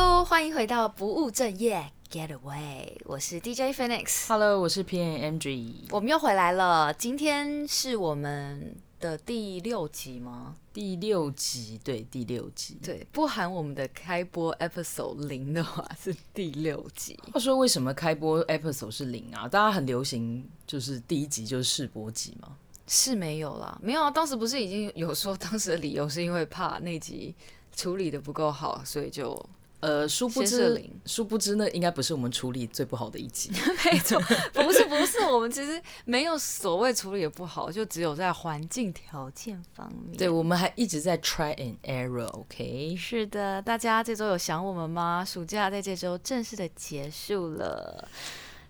Hello, 歡迎回到不務正業 Getaway，我是 DJ Phoenix。Hello，我是 PN Andree。我們又回來了，今天是我們的第六集嗎？第六集，對，第六集，對，不含我們的開播 episode 零的話是第六集。話說為什麼開播 episode 是零啊？大家很流行就是第一集就是試播集嗎？是沒有啦，沒有啊。當時不是已經有說當時的理由是因為怕那集處理得不夠好，所以就。呃殊殊，殊不知，殊不知呢，那應該不是我們處理最不好的一集。 沒錯，不是不是，我們其實沒有所謂處理也不好， 就只有在環境條件方面。對，我們還一直在 try and error。OK。是的，大家這週有想我們嗎？暑假在這週正式的結束了，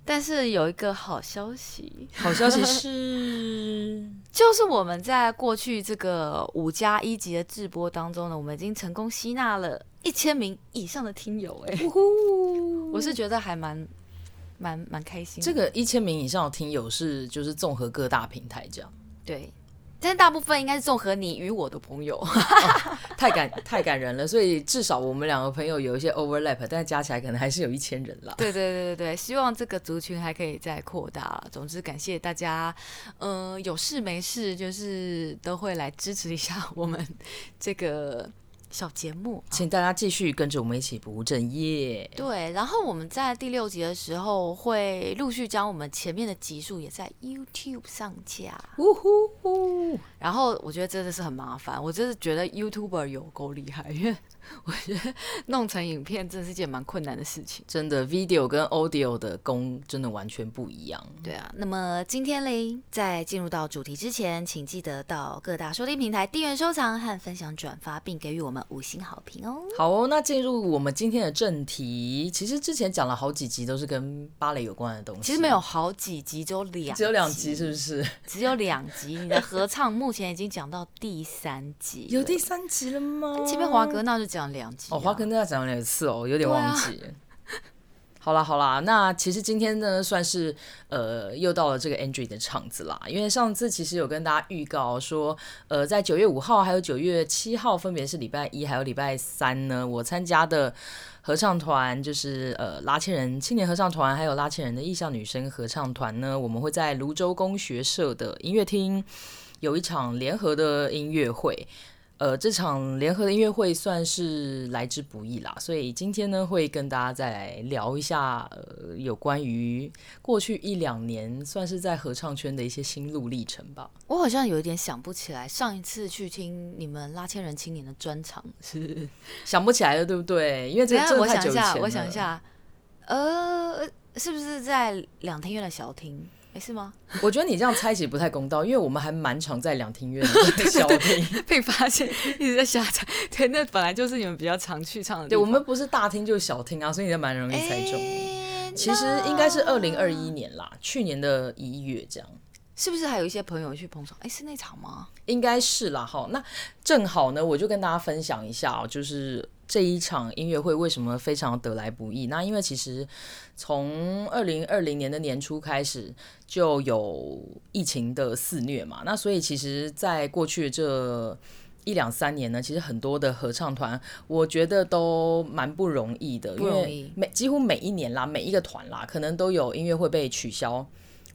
但是有一個好消息，好消息是， 就是我們在過去這個五加一集的直播當中呢，我們已經成功吸納了。一千名以上的聽友，哎，我是覺得還蠻、蠻、蠻開心。這個一千名以上的聽友是就是綜合各大平台這樣，對，但是大部分應該是綜合你與我的朋友、 哦，太感太感人了。所以至少我們兩個朋友有一些 overlap，但加起來可能還是有一千人了。對對對對對，希望這個族群還可以再擴大。總之，感謝大家，嗯、呃，有事沒事就是都會來支持一下我們這個。小節目，請大家繼續跟着我們一起不務正業。啊、對，然後我們在第六集的時候會陸續將我們前面的集數也在 YouTube 上架。嗚呼呼！然後我覺得真的是很麻煩，我真是覺得 YouTuber 有夠厲害，我覺得弄成影片真的是件蠻困難的事情。真的，video 跟 audio 的功真的完全不一樣。對啊。那麼今天嘞，在進入到主題之前，請記得到各大收聽平台訂閱、收藏和分享、轉發，並給予我們五星好評哦、喔。好哦，那進入我們今天的正題。其實之前講了好幾集，都是跟芭蕾有關的東西。其實沒有好幾集，只有兩，只有兩集，是不是？只有兩集。你的合唱目前已經講到第三集， 有第三集了嗎？前面華哥那就講。講兩次哦，華哥跟大家講兩次哦，有點忘記。好啦，好啦，那其實今天呢，算是呃又到了這個 Andree 的場子啦。因為上次其實有跟大家預告說，呃，在九月五號還有九月七號，分別是禮拜一還有禮拜三呢，我參加的合唱團就是呃拉縴人青年合唱團，還有拉縴人的藝象女聲合唱團呢，我們會在蘆洲功學社的音樂廳有一場聯合的音樂會。呃，這場聯合的音樂會算是來之不易啦，所以今天呢，會跟大家再來聊一下，呃、有關於過去一兩年算是在合唱圈的一些心路歷程吧。我好像有一點想不起來，上一次去聽你們拉縴人青年的專場是想不起來了，對不對？因為這、哎、我想一下，我想一下，呃。是不是在兩廳院的小廳、欸，是嗎？我覺得你這樣猜起不太公道，因為我們還蠻常在兩廳院的小廳 被發現，一直在瞎猜。對，那本來就是你們比較常去唱的。對，我們不是大廳就是小廳啊，所以你就蠻容易猜中的、欸。其實應該是二零二一年啦、呃，去年的一月這樣。是不是還有一些朋友去捧場？哎、欸，是那場嗎？應該是啦。好，那正好呢，我就跟大家分享一下就是。這一場音樂會為什麼非常得來不易？那因為其實從二零二零年的年初開始就有疫情的肆虐嘛，那所以其實，在過去這一兩三年呢，其實很多的合唱團，我覺得都蠻不容易的，不容易。因為每幾乎每一年啦，每一個團啦，可能都有音樂會被取消。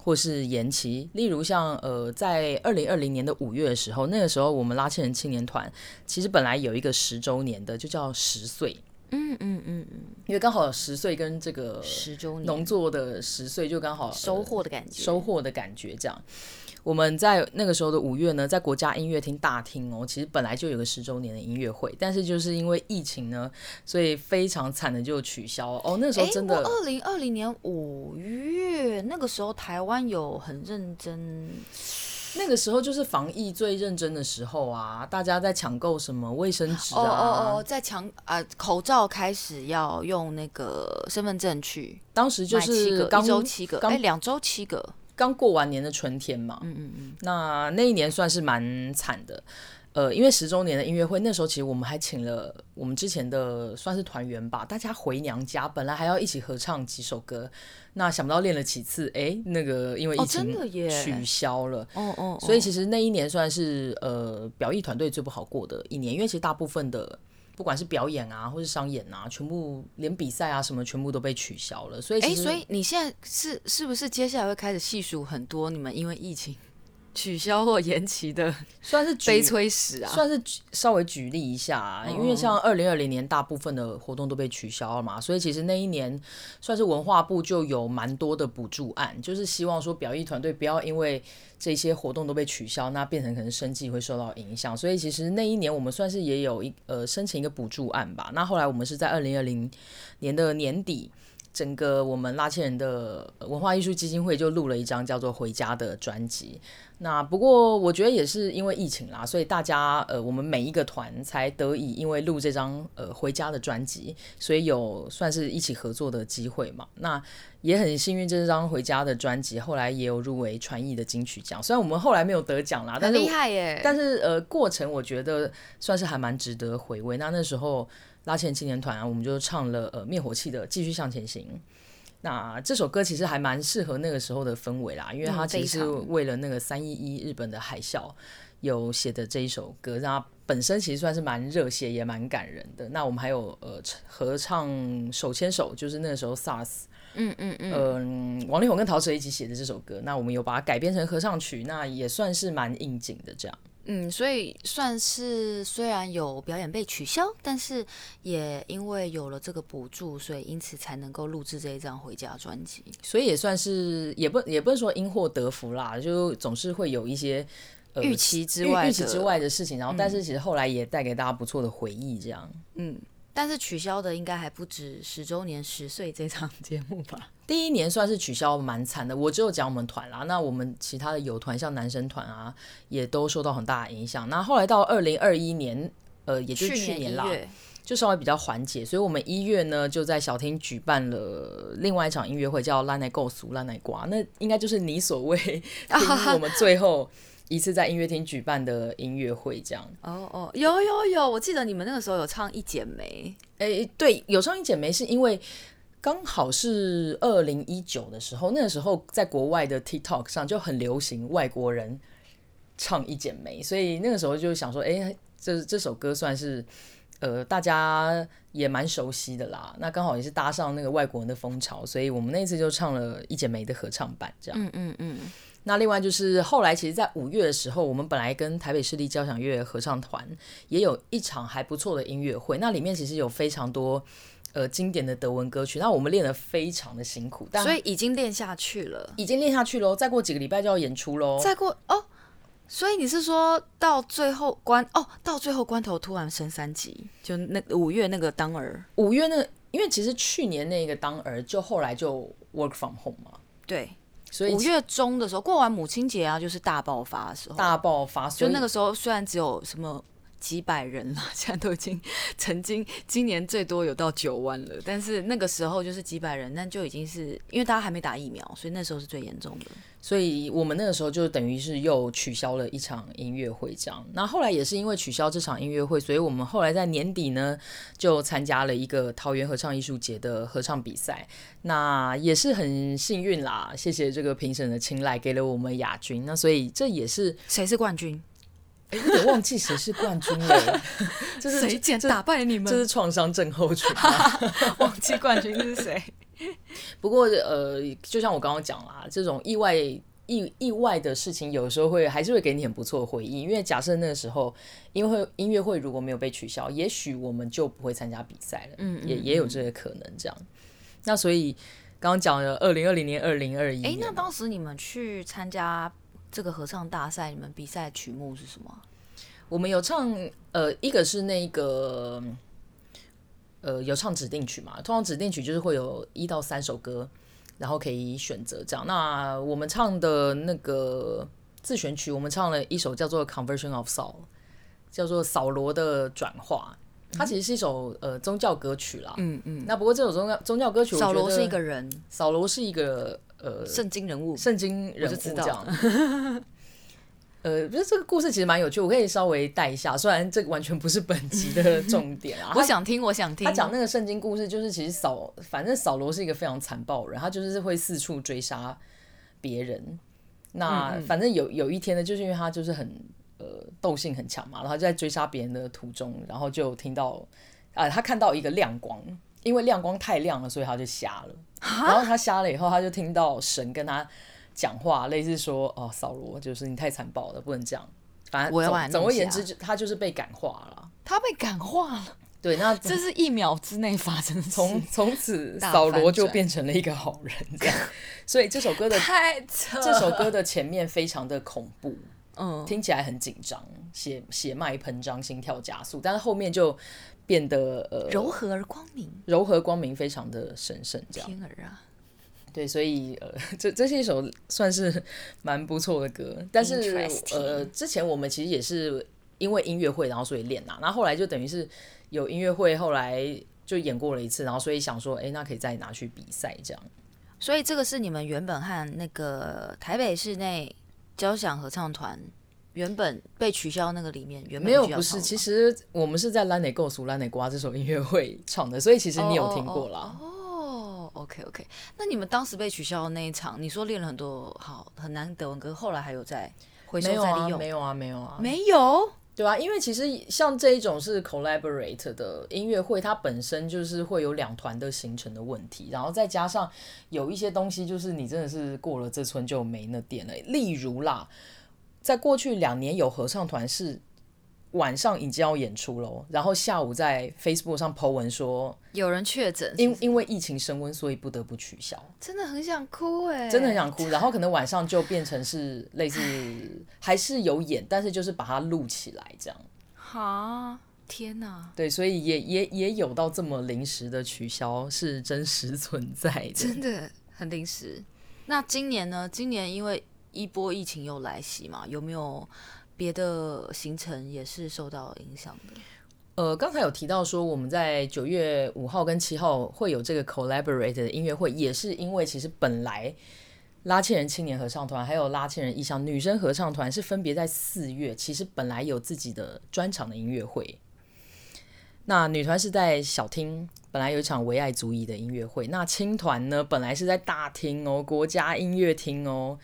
或是延期，例如像呃，在二零二零年的五月的時候，那個時候我們拉縴人青年團其實本來有一個十周年的，就叫十歲，嗯嗯嗯嗯，因為剛好十歲跟這個十,十周年農作的十歲就剛好收穫的感覺，收穫的感覺這樣。我們在那個時候的五月呢，在國家音樂廳大廳哦，其實本來就有個十周年的音樂會，但是就是因為疫情呢，所以非常慘的就取消哦。那時候真的，二零二零年五月那個時候，台灣有很認真，那個時候就是防疫最認真的時候啊，大家在搶購什麼衛生紙、啊、哦哦哦，在搶啊、呃，口罩開始要用那個身份證去，當時就是一周七個，哎，欸、兩週七個。剛過完年的春天嘛，嗯嗯嗯，那那一年算是蠻慘的，呃，因為十週年的音樂會，那時候其實我們還請了我們之前的算是團員吧，大家回娘家，本來還要一起合唱幾首歌，那想不到練了幾次，哎、欸，那個因為疫情取消了，哦、所以其實那一年算是呃表藝團隊最不好過的一年，因為其實大部分的。不管是表演啊，或是商演啊，全部連比賽啊什麼，全部都被取消了。所以，欸，所以你現在是是不是接下來會開始細數很多你們因為疫情取消或延期的算是悲催史啊，算是稍微舉例一下啊，因為像二零二零年大部分的活動都被取消了嘛，所以其實那一年算是文化部就有蠻多的補助案，就是希望說表藝團隊不要因為這些活動都被取消，那變成可能生計會受到影響，所以其實那一年我們算是也有一呃申請一個補助案吧，那後來我們是在二零二零年的年底。整個我們拉縴人的文化藝術基金會就錄了一張叫做《回家》的專輯。那不過我覺得也是因為疫情啦，所以大家呃，我們每一個團才得以因為錄這張呃《回家》的專輯，所以有算是一起合作的機會嘛。那也很幸運，這張《回家》的專輯後來也有入圍傳藝的金曲獎。雖然我們後來沒有得獎啦，但是很厲害耶！但是呃，過程我覺得算是還蠻值得回味。那那時候。拉縴青年團、啊，我們就唱了呃滅火器的《繼續向前行》。那這首歌其實還蠻適合那個時候的氛圍啦，因為他其實是為了那個三一一日本的海嘯有寫的這一首歌，那本身其實算是蠻熱血也蠻感人的。那我們還有呃合唱《手牽手》，就是那個時候 SARS，嗯嗯嗯、呃，王力宏跟陶喆一起寫的這首歌，那我們有把它改編成合唱曲，那也算是蠻應景的這樣。嗯，所以算是雖然有表演被取消，但是也因為有了這個補助，所以因此才能夠錄製這一張回家專輯。所以也算是也不也不是說因禍得福啦，就總是會有一些呃、預期之外預期之外的事情。然後，但是其實後來也帶給大家不錯的回憶，這樣嗯。但是取消的應該還不止十週年十歲這場節目吧？第一年算是取消蠻慘的，我只有講我們團啦。那我們其他的友團，像男生團啊，也都受到很大的影響。那後來到二零二一年，呃，也就去年啦，就稍微比較緩解。所以我們一月呢，就在小廳舉辦了另外一場音樂會，叫《咱的故事，咱的歌》那應該就是你所謂我們最後。一次在音樂廳舉辦的音樂會，這樣哦哦，oh, oh, 有有有，我記得你們那個時候有唱一《一剪梅》。哎，對，有唱《一剪梅》是因為剛好是二零一九的時候，那個時候在國外的 TikTok 上就很流行外國人唱《一剪梅》，所以那個時候就想說，哎、欸，這這首歌算是呃大家也蠻熟悉的啦。那剛好也是搭上那個外國人的風潮，所以我們那次就唱了《一剪梅》的合唱版，這樣。嗯嗯嗯。嗯那另外就是後來，其實，在五月的時候，我們本來跟台北市立交響樂合唱團也有一場還不錯的音樂會。那裡面其實有非常多呃經典的德文歌曲。那我們練得非常的辛苦，但所以已經練下去了，已經練下去嘍，再過幾個禮拜就要演出嘍。再過哦，所以你是說到最後關哦，到最後關頭突然升三級，就那五月那個當兒，五月那個，因為其實去年那個當兒就後來就 work from home 嘛，對。所以，五月中的時候，過完母親節啊，就是大爆發的時候。大爆發的時候，就那個時候，雖然只有什麼。幾百人了，現在都已經曾經今年最多有到九萬了，但是那個時候就是幾百人，但就已經是因為大家還沒打疫苗，所以那時候是最嚴重的。所以我們那個時候就等於是又取消了一場音樂會，這樣。那後來也是因為取消這場音樂會，所以我們後來在年底呢就參加了一個桃園合唱藝術節的合唱比賽，那也是很幸運啦，謝謝這個評審的青睞，給了我們亞軍。那所以這也是，誰是冠軍？ 我忘記誰是冠軍了。這就是誰、啊、 打敗你們？這是創傷症候群。忘記冠軍是誰？ 不過呃，就像我剛剛講啦，這種意外、意意外的事情，有時候會還是會給你很不錯的回憶。因為假設那個時候音會，因為音樂會如果沒有被取消，也許我們就不會參加比賽了。嗯嗯，也也有這個可能，這樣。那所以剛剛講的二零二零年 ,2021 年、二零二一，哎，那當時你們去參加？這個合唱大賽，你們比賽曲目是什麼？我們有唱，呃，一個是那個，呃，有唱指定曲嘛。通常指定曲就是會有一到三首歌，然後可以選擇這樣。那我們唱的那個自選曲，我們唱了一首叫做《Conversion of Saul》，叫做掃羅的轉化。它其實是一首呃宗教歌曲啦。嗯嗯。那不過這首宗教宗教歌曲，掃羅是一個人，掃羅是一個。呃、聖經人物，聖經人物講。 呃，不是，這個故事其實蠻有趣，我可以稍微帶一下，雖然這個完全不是本集的重點啊。 我想聽，我想聽。他講那個聖經故事，就是其實掃，反正掃羅是一個非常殘暴的人，他就是會四處追殺別人。那反正有有一天呢，就是因為他就是很呃鬥性很強嘛，然後就在追殺別人的途中，然後就聽到啊、呃，他看到一個亮光，因為亮光太亮了，所以他就瞎了。然後他瞎了以後，他就聽到神跟他講話，類似說：“哦，掃羅，就是你太殘暴了，不能這樣。”反正，總總而言之，就、啊、他就是被感化了。他被感化了。對，那這是一秒之內發生的事情，從此掃羅就變成了一個好人。 所以這首歌的太這首歌的前面非常的恐怖，嗯，聽起來很緊張，血血脈膨脹，心跳加速，但是後面就。變得、呃、柔和而光明，柔和光明非常的神聖，這樣。天兒啊，對，所以呃，這這是一首算是蠻不錯的歌，但是呃，之前我們其實也是因為音樂會，然後所以練吶，那後後來就等於是有音樂會，後來就演過了一次，然後所以想說，哎、欸，那可以再拿去比賽這樣。所以這個是你們原本和那個台北室內交響合唱團。原本被取消那個裡面，原本沒有不是。其實我們是在《l a n e t Go》《Let It Go》這首音樂會唱的，所以其實你有聽過了。哦、oh, oh, oh, oh,，OK OK，那你們當時被取消的那一場，你說練了很多好很難的德文歌，可是後來還有在回收沒有、啊、再利用？沒有啊，沒有啊，沒有。沒有對吧、啊？因為其實像這一種是 collaborate 的音樂會，它本身就是會有兩團的行程的問題，然後再加上有一些東西，就是你真的是過了這村就沒那店了。例如啦。在過去兩年，有合唱團是晚上已經要演出嘍，然後下午在 Facebook 上 Po 文說有人確診，因因為疫情升溫，所以不得不取消。真的很想哭哎、欸，真的很想哭。然後可能晚上就變成是類似 還是有演，但是就是把它錄起來這樣。好 天哪！對，所以也也也有到這麼臨時的取消是真實存在的，真的很臨時。那今年呢？今年因為。一波疫情又來襲嘛，有沒有別的行程也是受到影響的？呃，剛才有提到說，我們在九月五號跟七號會有這個 collaborate 的音樂會，也是因為其實本來拉縴人青年合唱團還有拉縴人藝象女聲合唱團是分別在四月，其實本來有自己的專場的音樂會。那女團是在小廳，本來有一場唯愛主義的音樂會。那青團呢，本來是在大廳哦，國家音樂廳哦。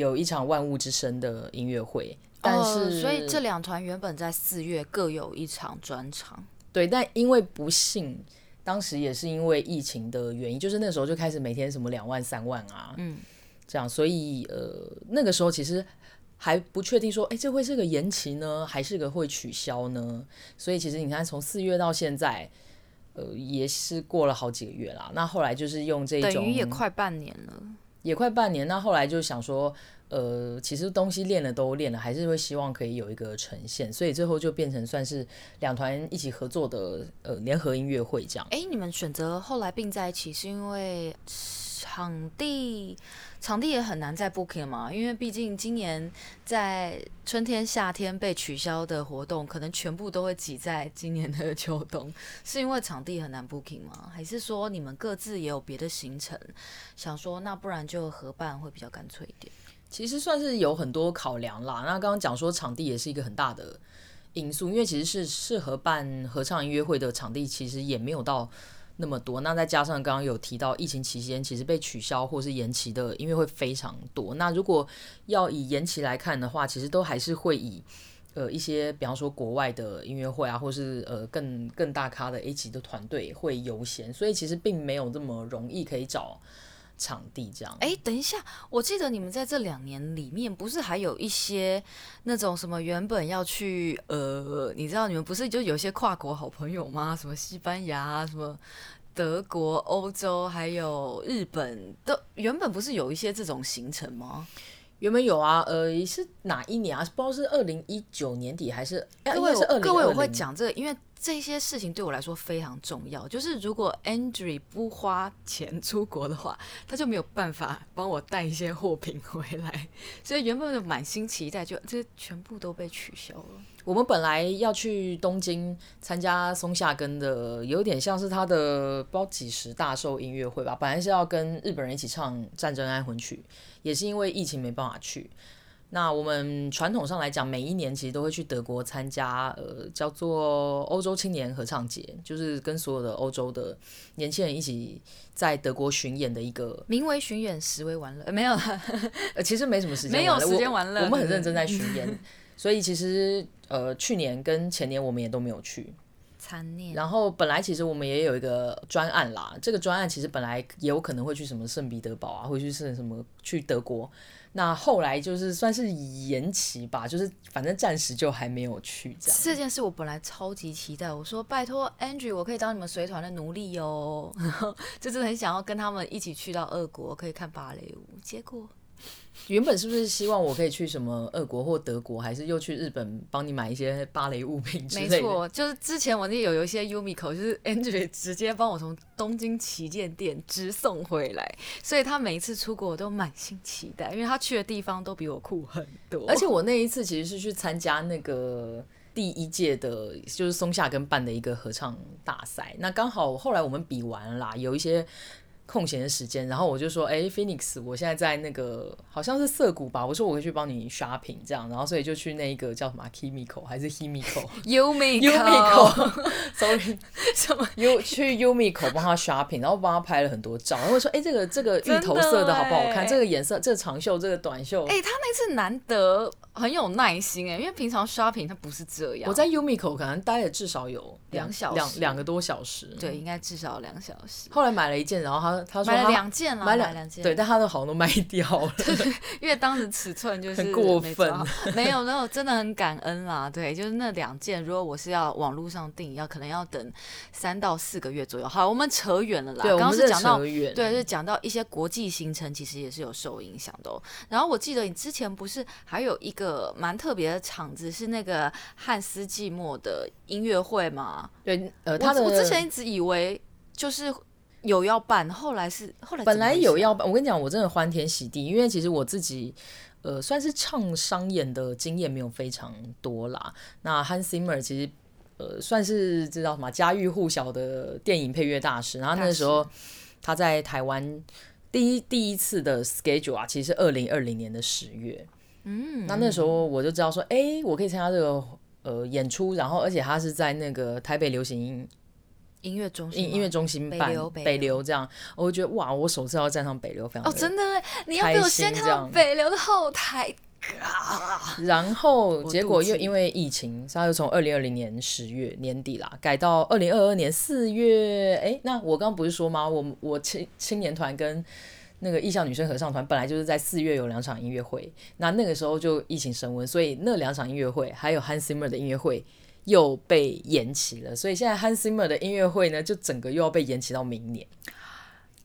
有一場萬物之聲的音樂會，但是、呃、所以這兩團原本在四月各有一場專場。對，但因為不幸，當時也是因為疫情的原因，就是那時候就開始每天什麼兩萬三萬啊，嗯，這樣，所以呃那個時候其實還不確定說，哎、欸，這會是個延期呢，還是個會取消呢？所以其實你看，從四月到現在，呃，也是過了好幾個月啦。那後來就是用這種等於也快半年了。也快半年，那後來就想說，呃，其實東西練了都練了，還是會希望可以有一個呈現，所以最後就變成算是兩團一起合作的，呃，聯合音樂會這樣。哎、欸，你們選擇後來並在一起是因為？場地，場地也很難再 booking 了嗎？因為畢竟今年在春天、夏天被取消的活動，可能全部都會擠在今年的秋冬。是因為場地很難 booking 嗎？還是說你們各自也有別的行程，想說那不然就合辦會比較乾脆一點？其實算是有很多考量啦。那剛剛講說場地也是一個很大的因素，因為其實是適合辦合唱音樂會的場地，其實也沒有到。那麼多，那再加上剛剛有提到，疫情期間其實被取消或是延期的音樂會非常多。那如果要以延期來看的話，其實都還是會以呃一些，比方說國外的音樂會啊，或是呃更更大咖的 A 級的團隊會優先，所以其實並沒有這麼容易可以找。場地這樣、欸。哎，等一下，我記得你們在這兩年裡面，不是還有一些那種什麼原本要去呃，你知道你們不是就有些跨國好朋友嗎？什麼西班牙、什麼德國、歐洲，還有日本，都原本不是有一些這種行程嗎？原本有啊，呃，是哪一年啊？不知道是二零一九年底還是？欸，各位，各位，我會講這個，因為。這些事情對我來說非常重要。就是如果 Andree 不花錢出國的話，他就沒有辦法幫我帶一些貨品回來。所以原本就滿心期待，就這些全部都被取消了。我們本來要去東京參加松下耕的，有點像是他的不知道幾十大壽音樂會吧。本來是要跟日本人一起唱戰爭安魂曲，也是因為疫情沒辦法去。那我們傳統上來講，每一年其實都會去德國參加，呃，叫做歐洲青年合唱節，就是跟所有的歐洲的年輕人一起在德國巡演的一個，名為巡演，實為玩樂，沒有呃，其實沒什麼時間，沒有時間玩樂，我們很認真在巡演，所以其實，呃，去年跟前年我們也都沒有去。然後本來其實我們也有一個專案啦，這個專案其實本來也有可能會去什麼聖彼得堡啊，會去聖什麼去德國，那後來就是算是延期吧，就是反正暫時就還沒有去這樣。這件事我本來超級期待，我說拜托 Andree，我可以當你們隨團的奴隸哦， 就是很想要跟他們一起去到俄國，可以看芭蕾舞。結果。原本是不是希望我可以去什麼俄國或德國，還是又去日本幫你買一些芭蕾物品之類的？沒錯，就是之前我那有一些 Yumiko，就是 Andree 直接幫我從東京旗艦店直送回來，所以他每一次出國我都滿心期待，因為他去的地方都比我酷很多。而且我那一次其實是去參加那個第一屆的，就是松下耕辦的一個合唱大賽，那剛好後來我們比完了啦，有一些。空閒的時間，然後我就說：“哎、欸、，Phoenix，我現在在那個好像是澀谷吧。”我說：“我可以去幫你 shopping 這樣。”然後所以就去那一個叫什麼 Kimiko 還是 Himiko？Yumiko Yumiko , Yumiko，sorry， 什麼 U 去 Yumiko 幫他 shopping，然後幫他拍了很多照。然後說：“哎、欸，這個這個芋頭色的好不好看？欸、這個顏色，這個長袖，這個短袖。欸”哎，他那次難得很有耐心哎、欸，因為平常 shopping 他不是這樣。我在 Yumiko 可能待了至少有兩小兩兩個多小時，對，應該至少兩小時。後來買了一件，然後他。他他買了兩件了，買了兩件。對，但他都好像都賣掉了。對 因為當時尺寸就是很過分沒，啊，沒有。然後真的很感恩啦。對，就是那兩件，如果我是要網路上訂，要可能要等三到四個月左右。好，我們扯遠了啦。對，剛剛是講到是對，講到一些國際行程，其實也是有受影響的，喔。然後我記得你之前不是還有一個蠻特別的場子，是那個漢斯季默的音樂會嗎？對，呃，他的我之前一直以為就是。有要辦，後來是後來、啊、本來有要辦。我跟你講，我真的歡天喜地，因為其實我自己，呃，算是唱商演的經驗沒有非常多啦。那 Hans Zimmer 其實呃算是知道什麼家喻戶曉的電影配樂大師，然後那時候他在台灣第一第一次的 schedule 啊，其實是二零二零年的十月，嗯，那那時候我就知道說，哎、欸，我可以參加這個呃演出，然後而且他是在那個台北流行，音樂中心，音樂中心北流北流，北流，北流，這樣，我會覺得哇，我首次要站上北流，非常的哦，真的，你要給我先看到北流的後台，呃、然後結果又因為疫情，所以又從二零二零年十月年底啦，改到二零二二年四月，哎、欸，那我剛剛不是說嗎？我我青青年團跟那個藝象女聲合唱團本來就是在四月有兩場音樂會，那那個時候就疫情升溫，所以那兩場音樂會還有 Hans Zimmer 的音樂會。又被延期了，所以現在 Hans Zimmer 的音樂會呢，就整個又要被延期到明年。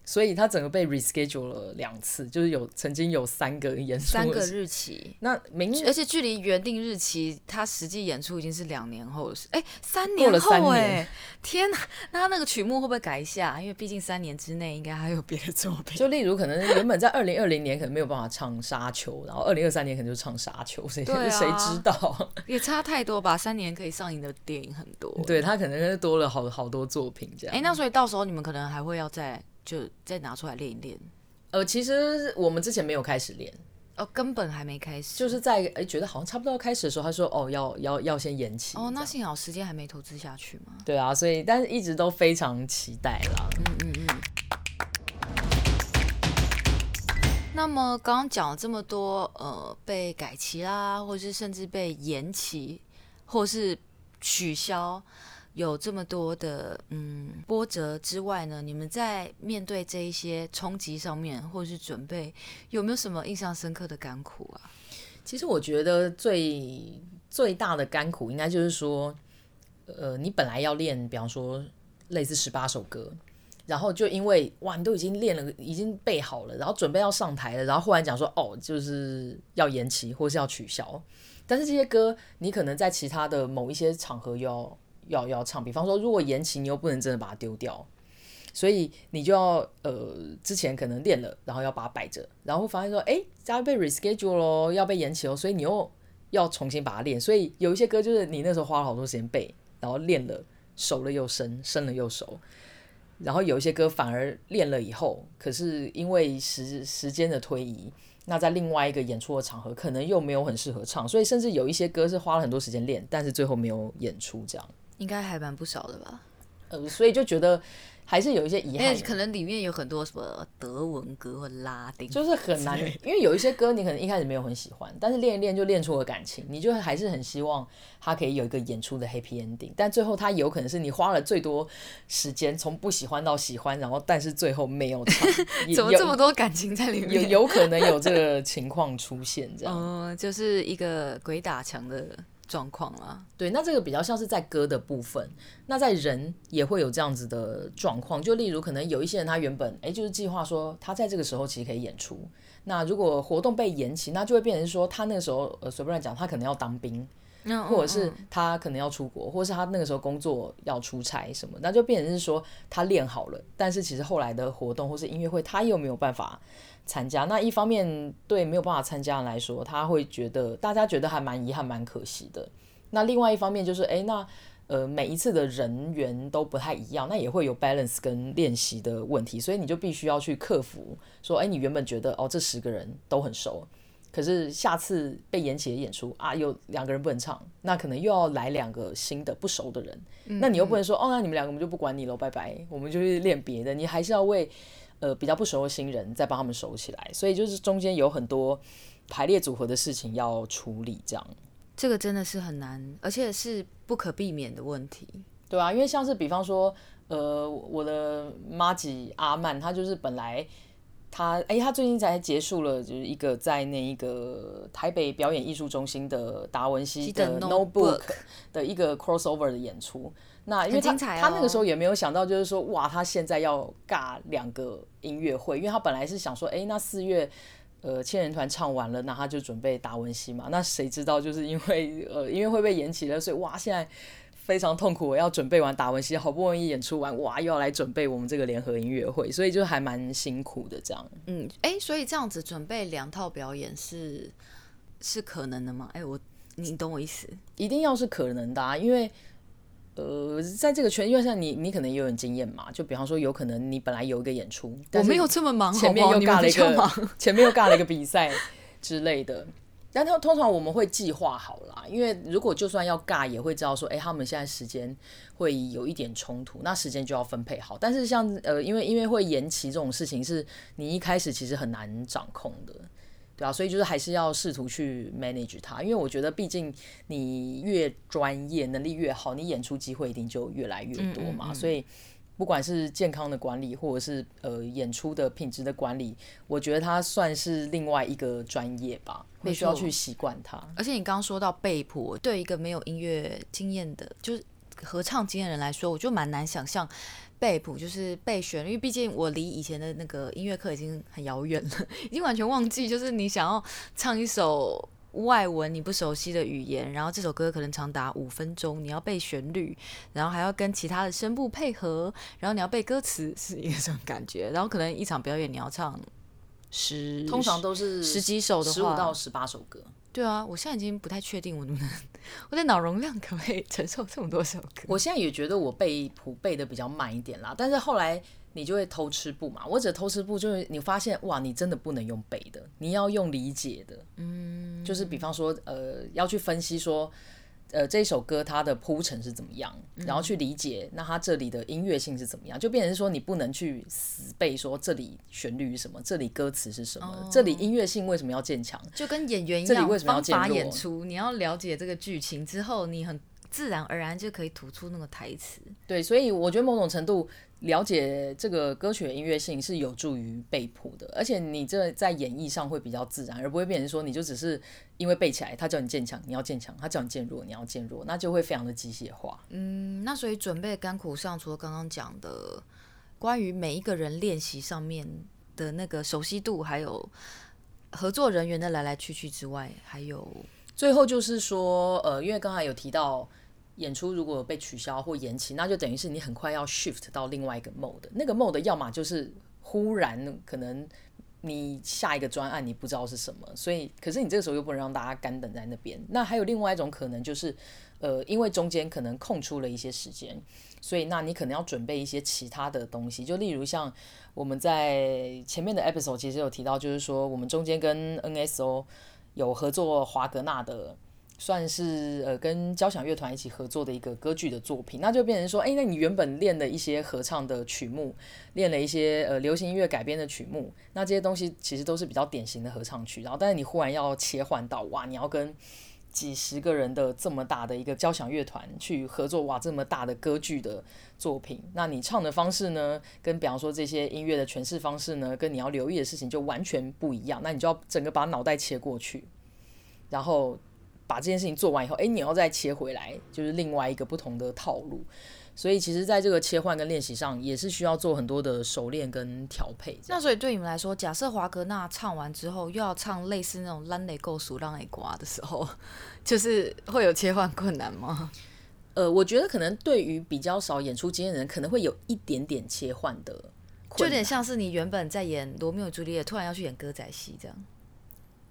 所以他整個被 reschedule 了兩次，就是有曾經有三個演出，三個日期。那明而且距離原定日期，他實際演出已經是兩年後的事，哎、欸，三年後、欸、過了三年。天哪、啊！那他那個曲目會不會改一下？因為畢竟三年之內應該還有別的作品。就例如可能原本在二零二零年可能沒有辦法唱《沙丘》， 然後二零二三年可能就唱《沙丘》，誰誰、啊、知道？也差太多吧？ 三年可以上映的電影很多、欸，對，他可能是多了好好多作品這樣。哎、欸，那所以到時候你們可能還會要在。就再拿出來練一練，呃，其實我們之前沒有開始練，哦，根本還沒開始，就是在哎、欸、覺得好像差不多要開始的時候，他說哦要要要先延期，哦，那幸好時間還沒投資下去嘛，對啊，所以但是一直都非常期待啦，嗯嗯嗯。那麼剛剛講了這麼多，呃，被改期啦，或是甚至被延期，或是取消。有這麼多的嗯波折之外呢，你們在面對這一些衝擊上面，或是準備，有沒有什麼印象深刻的甘苦啊？其實我覺得最最大的甘苦，應該就是說，呃，你本來要練，比方說類似十八首歌，然後就因為哇，你都已經練了，已經背好了，然後準備要上台了，然後忽然講說哦，就是要延期，或是要取消，但是這些歌你可能在其他的某一些場合又要。要要唱，比方說如果延期，你又不能真的把它丟掉，所以你就要呃之前可能練了，然後要把它擺着，然後發現說哎，嘉賓被 reschedule 嘍，要被延期哦，所以你又要重新把它練。所以有一些歌就是你那時候花了好多時間背，然後練了熟了又生，生了又熟，然後有一些歌反而練了以後，可是因為時時間的推移，那在另外一個演出的場合可能又沒有很適合唱，所以甚至有一些歌是花了很多時間練，但是最後沒有演出這樣。應該還蠻不少的吧，呃，所以就覺得還是有一些遺憾，可能裡面有很多什麼德文歌或拉丁，就是很難，因為有一些歌你可能一開始沒有很喜歡，但是練一練就練出了感情，你就還是很希望他可以有一個演出的 happy ending。但最後他有可能是你花了最多時間，從不喜歡到喜歡，然後但是最後沒有唱，有 怎麼這麼多感情在裡面？有有可能有這個情況出現，這樣，嗯、 哦，就是一個鬼打牆的狀況啦，對，那這個比較像是在歌的部分，那在人也會有這樣子的狀況，就例如可能有一些人他原本哎、欸、就是計劃說他在這個時候其實可以演出，那如果活動被延期，那就會變成說他那個時候呃隨便來講他可能要當兵。或者是他可能要出國，或是他那個時候工作要出差什麼，那就變成是說他練好了，但是其實後來的活動或是音樂會他又沒有辦法參加。那一方面對沒有辦法參加的人來說，他會覺得大家覺得還蠻遺憾、蠻可惜的。那另外一方面就是，哎、欸，那呃每一次的人員都不太一樣，那也會有 balance 跟練習的問題，所以你就必須要去克服，說，哎、欸，你原本覺得哦這十個人都很熟。可是下次被延期的演出啊，有兩個人不能唱，那可能又要來兩個新的不熟的人，嗯嗯那你又不能說哦，那你們兩個我們就不管你了，拜拜，我們就去練別的，你還是要為呃比較不熟的新人再幫他們熟起來，所以就是中間有很多排列組合的事情要處理，這樣。這個真的是很難，而且是不可避免的問題。對啊，因為像是比方說，呃，我的麻吉阿曼，他就是本來。他哎，他最近才結束了，就是一個在那一個台北表演藝術中心的達文西的 Notebook 的一個 Crossover 的演出。那因為他，精彩，哦、他那個時候也沒有想到，就是說哇，他現在要尬兩個音樂會，因為他本來是想說，欸，哎、呃，那四月呃千人團唱完了，那他就準備達文西嘛。那誰知道就是因為呃音樂會被延期了，所以哇現在。非常痛苦，我要準備完達文西，好不容易演出完，哇，又要來準備我們這個聯合音樂會，所以就還蠻辛苦的這樣。嗯，哎、欸，所以這樣子準備兩套表演是是可能的嗎？哎、欸，我你懂我意思，一定要是可能的啊，因為呃，在這個圈，因為像你，你可能也有點經驗嘛，就比方說，有可能你本來有一個演出，我沒有這麼忙好不好，前面又尬了一個， 前面又尬了一個比賽之類的。但他通常我們會計劃好啦，因為如果就算要尬，也會知道說，誒、欸，他們現在時間會有一點衝突，那時間就要分配好。但是像呃，因為因為會延期這種事情，是你一開始其實很難掌控的，對吧、啊？所以就是還是要試圖去 manage 它，因為我覺得畢竟你越專業，能力越好，你演出機會一定就越來越多嘛，所、嗯、以、嗯嗯。不管是健康的管理，或者是呃演出的品質的管理，我覺得它算是另外一個專業吧，必須要去習慣它。而且你剛剛說到背譜，對一個沒有音樂經驗的，就是合唱經驗的人來說，我就蠻難想象背譜就是背選，因為畢竟我離以前的那個音樂課已經很遙遠了，已經完全忘記，就是你想要唱一首。外文，你不熟悉的語言，然後這首歌可能長達五分鐘，你要背旋律，然後還要跟其他的聲部配合，然後你要背歌詞是一種感覺，然後可能一場表演你要唱十，通常都是十幾首的話，十五到十八首歌。對啊，我現在已經不太確定我能不能，我的腦容量可不可以承受這麼多首歌？我現在也覺得我背譜背的比較慢一點啦，但是後來你就會偷吃步嘛，我只偷吃步就是你發現哇，你真的不能用背的，你要用理解的，嗯。就是比方說，呃，要去分析說，呃，這首歌它的鋪陳是怎麼樣，然後去理解那它這裡的音樂性是怎麼樣，就變成是說你不能去死背說這裡旋律什麼，這裡歌詞是什麼，oh, 這裡音樂性為什麼要漸強，就跟演員一樣，這裡為什麼要發演出，你要了解這個劇情之後，你很，自然而然就可以吐出那個台詞。對，所以我覺得某種程度了解這個歌曲的音樂性是有助於背譜的，而且你這在演繹上會比較自然，而不會變成說你就只是因為背起來，他叫你漸強，你要漸強；他叫你漸弱，你要漸弱，那就會非常的機械化。嗯，那所以準備甘苦上除剛剛，除了剛剛講的關於每一個人練習上面的那個熟悉度，還有合作人員的來來去去之外，還有最後就是說，呃，因為剛才有提到。演出如果被取消或延期，那就等於是你很快要 shift 到另外一個 mode。那個 mode 要麼就是忽然可能你下一個專案你不知道是什麼，所以可是你這個時候又不能讓大家乾等在那邊。那還有另外一種可能就是，呃，因為中間可能空出了一些時間，所以那你可能要準備一些其他的東西。就例如像我們在前面的 episode 其實有提到，就是說我們中間跟 NSO 有合作華格納的。算是呃跟交響樂團一起合作的一個歌劇的作品，那就變成說，誒，那你原本練的一些合唱的曲目，練了一些呃流行音樂改編的曲目，那這些東西其實都是比較典型的合唱曲，然後，但是你忽然要切換到，哇，你要跟幾十個人的這麼大的一個交響樂團去合作，哇，這麼大的歌劇的作品，那你唱的方式呢，跟比方說這些音樂的詮釋方式呢，跟你要留意的事情就完全不一樣，那你就要整個把腦袋切過去，然後。把這件事情做完以後，哎、欸，你要再切回來，就是另外一個不同的套路。所以，其實在這個切換跟練習上，也是需要做很多的熟練跟調配。那所以，對你們來說，假設華格納唱完之後又要唱類似那種爛內夠俗爛內瓜的時候，就是會有切換困難嗎？呃，我覺得可能對於比較少演出經驗的人，可能會有一點點切換的，就有點像是你原本在演羅密歐朱麗葉，突然要去演歌仔戲這樣。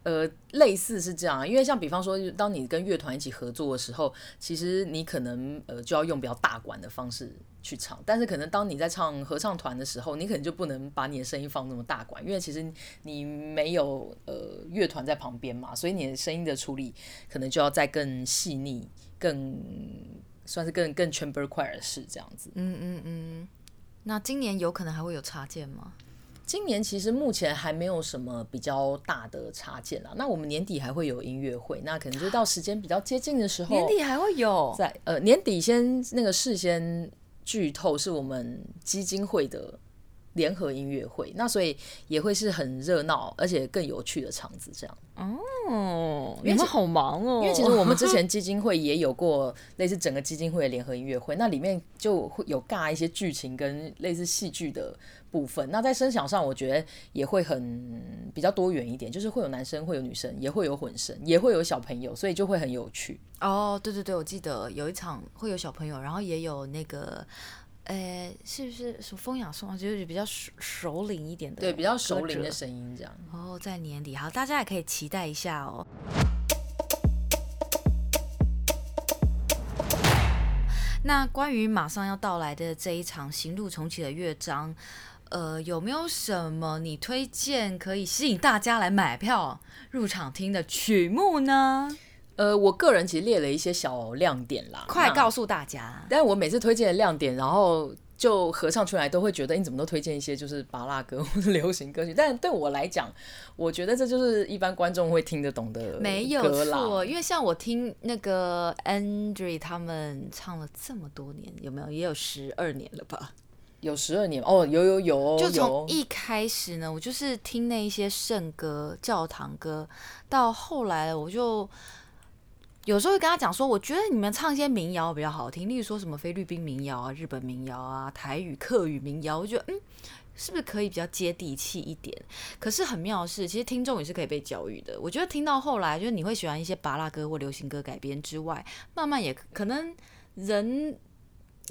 呃，類似是這樣，因為像比方說，當你跟樂團一起合作的時候，其實你可能呃就要用比較大管的方式去唱，但是可能當你在唱合唱團的時候，你可能就不能把你的聲音放那麼大管，因為其實你沒有呃樂團在旁邊嘛，所以你的聲音的處理可能就要再更細膩，更算是更更 chamber choir 式。這樣子。嗯嗯嗯。那今年有可能還會有插件嗎？今年其實目前還沒有什麼比較大的插件了。那我們年底還會有音樂會，那可能就到時間比較接近的時候。年底還會有，在呃年底先那個事先劇透是我們基金會的，聯合音樂會，那所以也會是很熱鬧，而且更有趣的場子這樣。哦，你們好忙哦！因為其實我們之前基金會也有過類似整個基金會的聯合音樂會， 那裡面就會有尬一些劇情跟類似戲劇的部分。那在聲響上，我覺得也會很比較多元一點，就是會有男生，會有女生，也會有混聲，也會有小朋友，所以就會很有趣。哦，對對對，我記得有一場會有小朋友，然後也有那個。呃、欸，是不是說風雅頌啊？就是比較熟熟齡一點的，對，比較熟齡的聲音這樣。然、oh, 在年底，好，大家也可以期待一下哦。 那關於馬上要到來的這一場《行路重啟》的樂章，呃，有沒有什麼你推薦可以吸引大家來買票入場聽的曲目呢？呃，我個人其實列了一些小亮點啦，快告訴大家！但是我每次推薦的亮點，然後就合唱出來，都會覺得你、欸、怎麼都推薦一些就是芭樂歌或者流行歌曲，但對我來講，我覺得這就是一般觀眾會聽得懂的歌啦。沒有錯，因為像我聽那個 Andree 他們唱了這麼多年，有沒有也有十二年了吧？有十二年哦，有有有，有、哦，就從一開始呢、哦，我就是聽那一些聖歌、教堂歌，到後來我就。有時候會跟他講說，我覺得你們唱一些民謠比較好聽，例如說什麼菲律賓民謠啊、日本民謠啊、台語、客語民謠，我覺得嗯，是不是可以比較接地氣一點？可是很妙的是，其實聽眾也是可以被教育的。我覺得聽到後來，就是你會喜歡一些芭樂歌或流行歌改編之外，慢慢也可能人。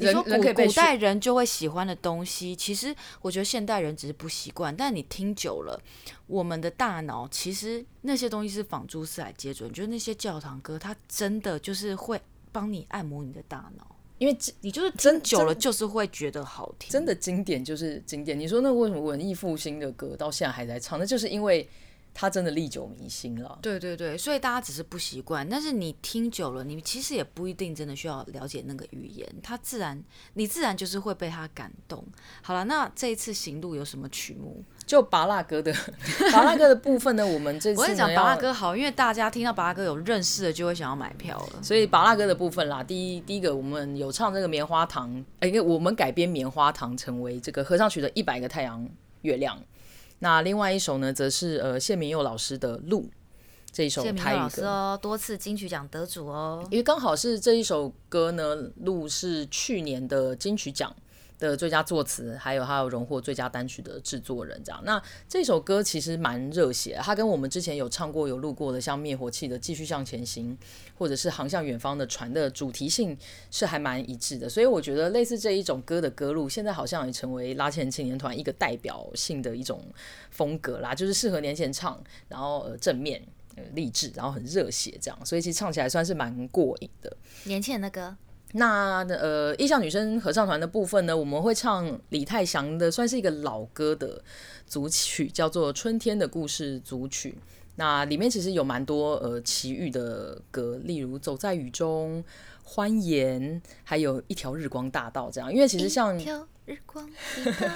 你說古古代人就會喜歡的東西，其實我覺得現代人只是不習慣。但你聽久了，我們的大腦其實那些東西是放諸四海皆準。就是那些教堂歌，它真的就是會幫你按摩你的大腦，因為你就是聽久了，就是會覺得好聽。真，真的經典就是經典。你說那為什麼文藝復興的歌到現在還在唱？那就是因為。他真的歷久彌新了，對對對，所以大家只是不習慣，但是你聽久了，你其實也不一定真的需要了解那個語言，它自然，你自然就是會被他感動。好了，那這一次行路有什麼曲目？就芭樂歌的，芭樂歌的部分呢？ 我們這次我跟你講芭樂歌好，因為大家聽到芭樂歌有認識的就會想要買票了，所以芭樂歌的部分啦，第一第一個我們有唱這個棉花糖，哎、欸，我們改編棉花糖成為這個合唱曲的《一百個太陽月亮》。那另外一首呢，則是呃謝銘祐老師的《路》這一首台語歌，謝銘祐老師哦，多次金曲獎得主哦，因為剛好是這一首歌呢，《路》是去年的金曲獎的最佳作詞，還有他有榮獲最佳單曲的制作人這樣。那這首歌其實蠻熱血，它跟我們之前有唱過、有錄過的像滅火器的《繼續向前行》，或者是《航向遠方的船》的主題性是還蠻一致的。所以我覺得類似這一種歌的歌路，現在好像也成為拉縴青年團一個代表性的一種風格啦，就是適合年輕人唱，然後、呃、正面、勵、呃、志，然後很熱血這樣。所以其實唱起來算是蠻過癮的，年輕人的歌。那呃，藝象女聲合唱團的部分呢，我們會唱李泰祥的，算是一個老歌的組曲，叫做《春天的故事》組曲。那裡面其實有蠻多呃齊豫的歌，例如《走在雨中》、《歡顏》，還有一條日光大道這樣。因為其實像《一條日光大道》，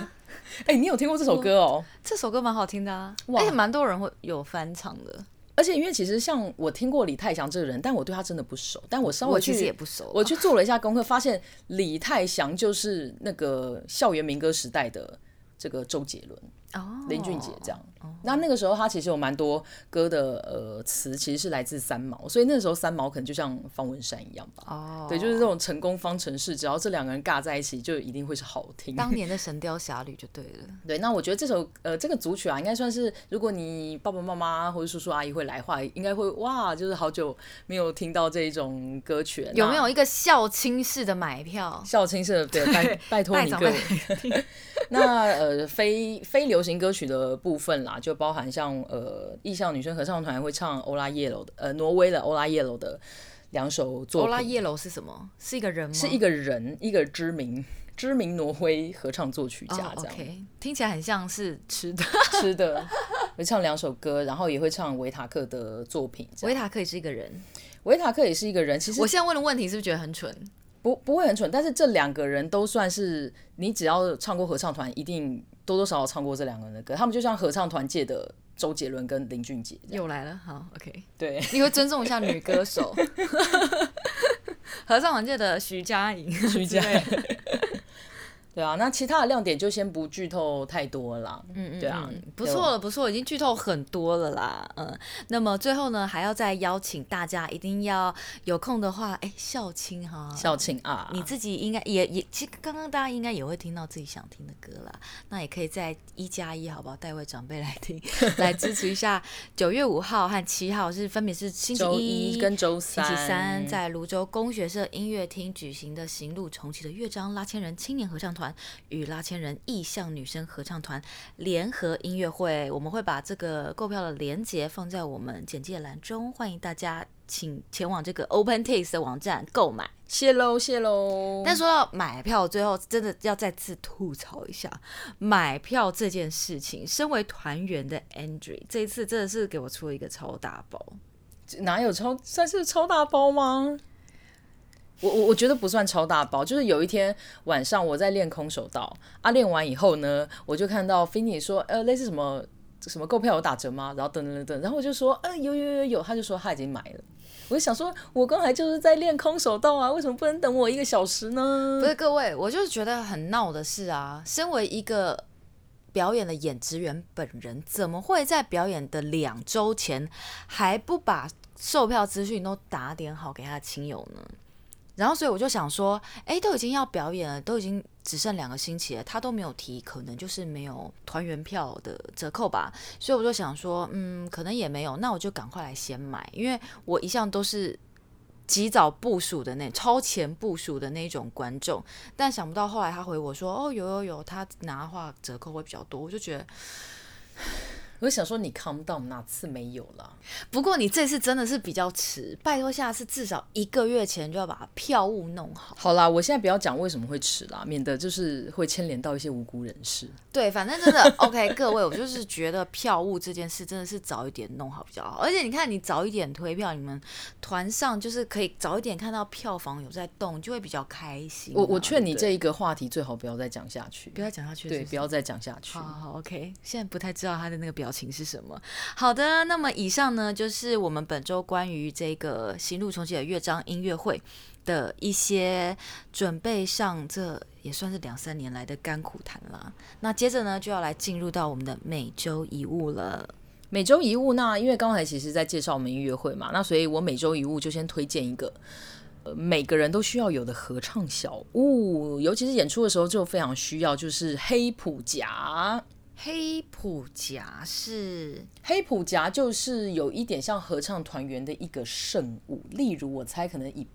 哎，你有聽過這首歌哦？這首歌蠻好聽的啊，哎，蠻多人會有翻唱的。而且因為其實像我聽過李泰祥這個人，但我對他真的不熟。但我稍微我我去做了一下功課，發現李泰祥就是那個校園民歌時代的這個周杰倫、林俊傑這樣。那那個時候，他其實有蠻多歌的呃，呃，詞其實是來自三毛，所以那個時候三毛可能就像方文山一樣吧。哦，對，就是這種成功方程式，只要這兩個人尬在一起，就一定會是好聽。當年的《神雕俠侶》就對了。對，那我覺得這首呃這個組曲啊，應該算是如果你爸爸媽媽或者叔叔阿姨會來的話，應該會哇，就是好久沒有聽到這一種歌曲。有沒有一個孝親式的買票？孝親式的對，拜拜托你各位。 對 那呃，非非流行歌曲的部分啦，就。包含像呃藝象女聲合唱團會唱《歐拉耶樓》的，呃挪威的《歐拉耶樓》的兩首作品。歐拉耶樓是什麼？是一個人嗎？是一個人，一個知名知名挪威合唱作曲家。Oh, okay. 這樣，聽起來很像是吃的吃的。 會唱兩首歌，然後也會唱維塔克的作品。維塔克也是一個人，維塔克也是一個人。其實我現在問的問題是不是覺得很蠢？不不會很蠢，但是這兩個人都算是你只要唱過合唱團一定。多多少少唱過這兩個人的歌，他們就像合唱團界的周杰倫跟林俊杰，又來了。好，OK，對，你會尊重一下女歌手， 合唱團界的徐佳瑩，徐佳瑩。 對啊，那其他的亮點就先不劇透太多了，啊。嗯嗯，對啊，不錯了，不錯，已經劇透很多了啦。嗯，那麼最後呢，還要再邀請大家，一定要有空的話，哎，孝親哈，孝親啊，你自己應該也也，其實剛剛大家應該也會聽到自己想聽的歌啦，那也可以在一加一，好不好？帶位長輩來聽，來支持一下。九 月五號和七號是分別是星期一，週一跟週三，星期三在蘆洲功學社音樂廳舉行的《行路重啟》的樂章，拉縴人青年合唱團。與拉縴人藝象女聲合唱團聯合音樂會，我們會把這個購票的鏈接放在我們簡介欄中，歡迎大家請前往這個 OpenTix 的網站購買。謝嘍謝嘍！但說到買票，最後真的要再次吐槽一下買票這件事情。身為團員的 Andree 這一次真的是給我出了一個超大包，哪有超?算是超大包嗎？我我我覺得不算超大包，就是有一天晚上我在練空手道啊，練完以後呢，我就看到菲尼說，呃，類似什麼什麼購票有打折嗎？然後等等等等，然後我就說，呃，有有有有，他就說他已經買了。我就想說，我剛才就是在練空手道啊，為什麼不能等我一個小時呢？不是各位，我就是覺得很鬧的事啊。身為一個表演的演職員本人，怎麼會在表演的兩周前還不把售票資訊都打點好給他的親友呢？然後，所以我就想說，誒，都已經要表演了，都已經只剩兩個星期了，他都沒有提，可能就是沒有團員票的折扣吧。所以我就想說，嗯，可能也沒有，那我就趕快來先買，因為我一向都是及早部署的那超前部署的那種觀眾。但想不到後來他回我說，哦，有有有，他拿的話折扣會比較多。我就覺得。我想說你 calm down 哪次沒有了？不過你這次真的是比較遲，拜托下次至少一個月前就要把票務弄好。好啦，我現在不要講為什麼會遲啦，免得就是會牽連到一些無辜人士。對，反正真的 OK 各位，我就是覺得票務這件事真的是早一點弄好比較好。而且你看，你早一點推票，你們團上就是可以早一點看到票房有在動，就會比較開心。我我勸你這一個話題最好不要再講下去，不要再講下去是不是，對，不要再講下去。好,好,好，OK，現在不太知道他的那個表情。情是什麼？好的，那麼以上呢，就是我們本周關於這個《行路～重啟的樂章》音樂會的一些準備上這，這也算是兩三年來的甘苦談了。那接着呢，就要來進入到我們的每周一物了。每周一物，那因為剛才其實在介紹我們音樂會嘛，那所以我每周一物就先推薦一個，呃，每個人都需要有的合唱小物，尤其是演出的時候就非常需要，就是黑譜夾。黑譜夾是黑譜夾，就是有一點像合唱團員的一個聖物。例如，我猜可能以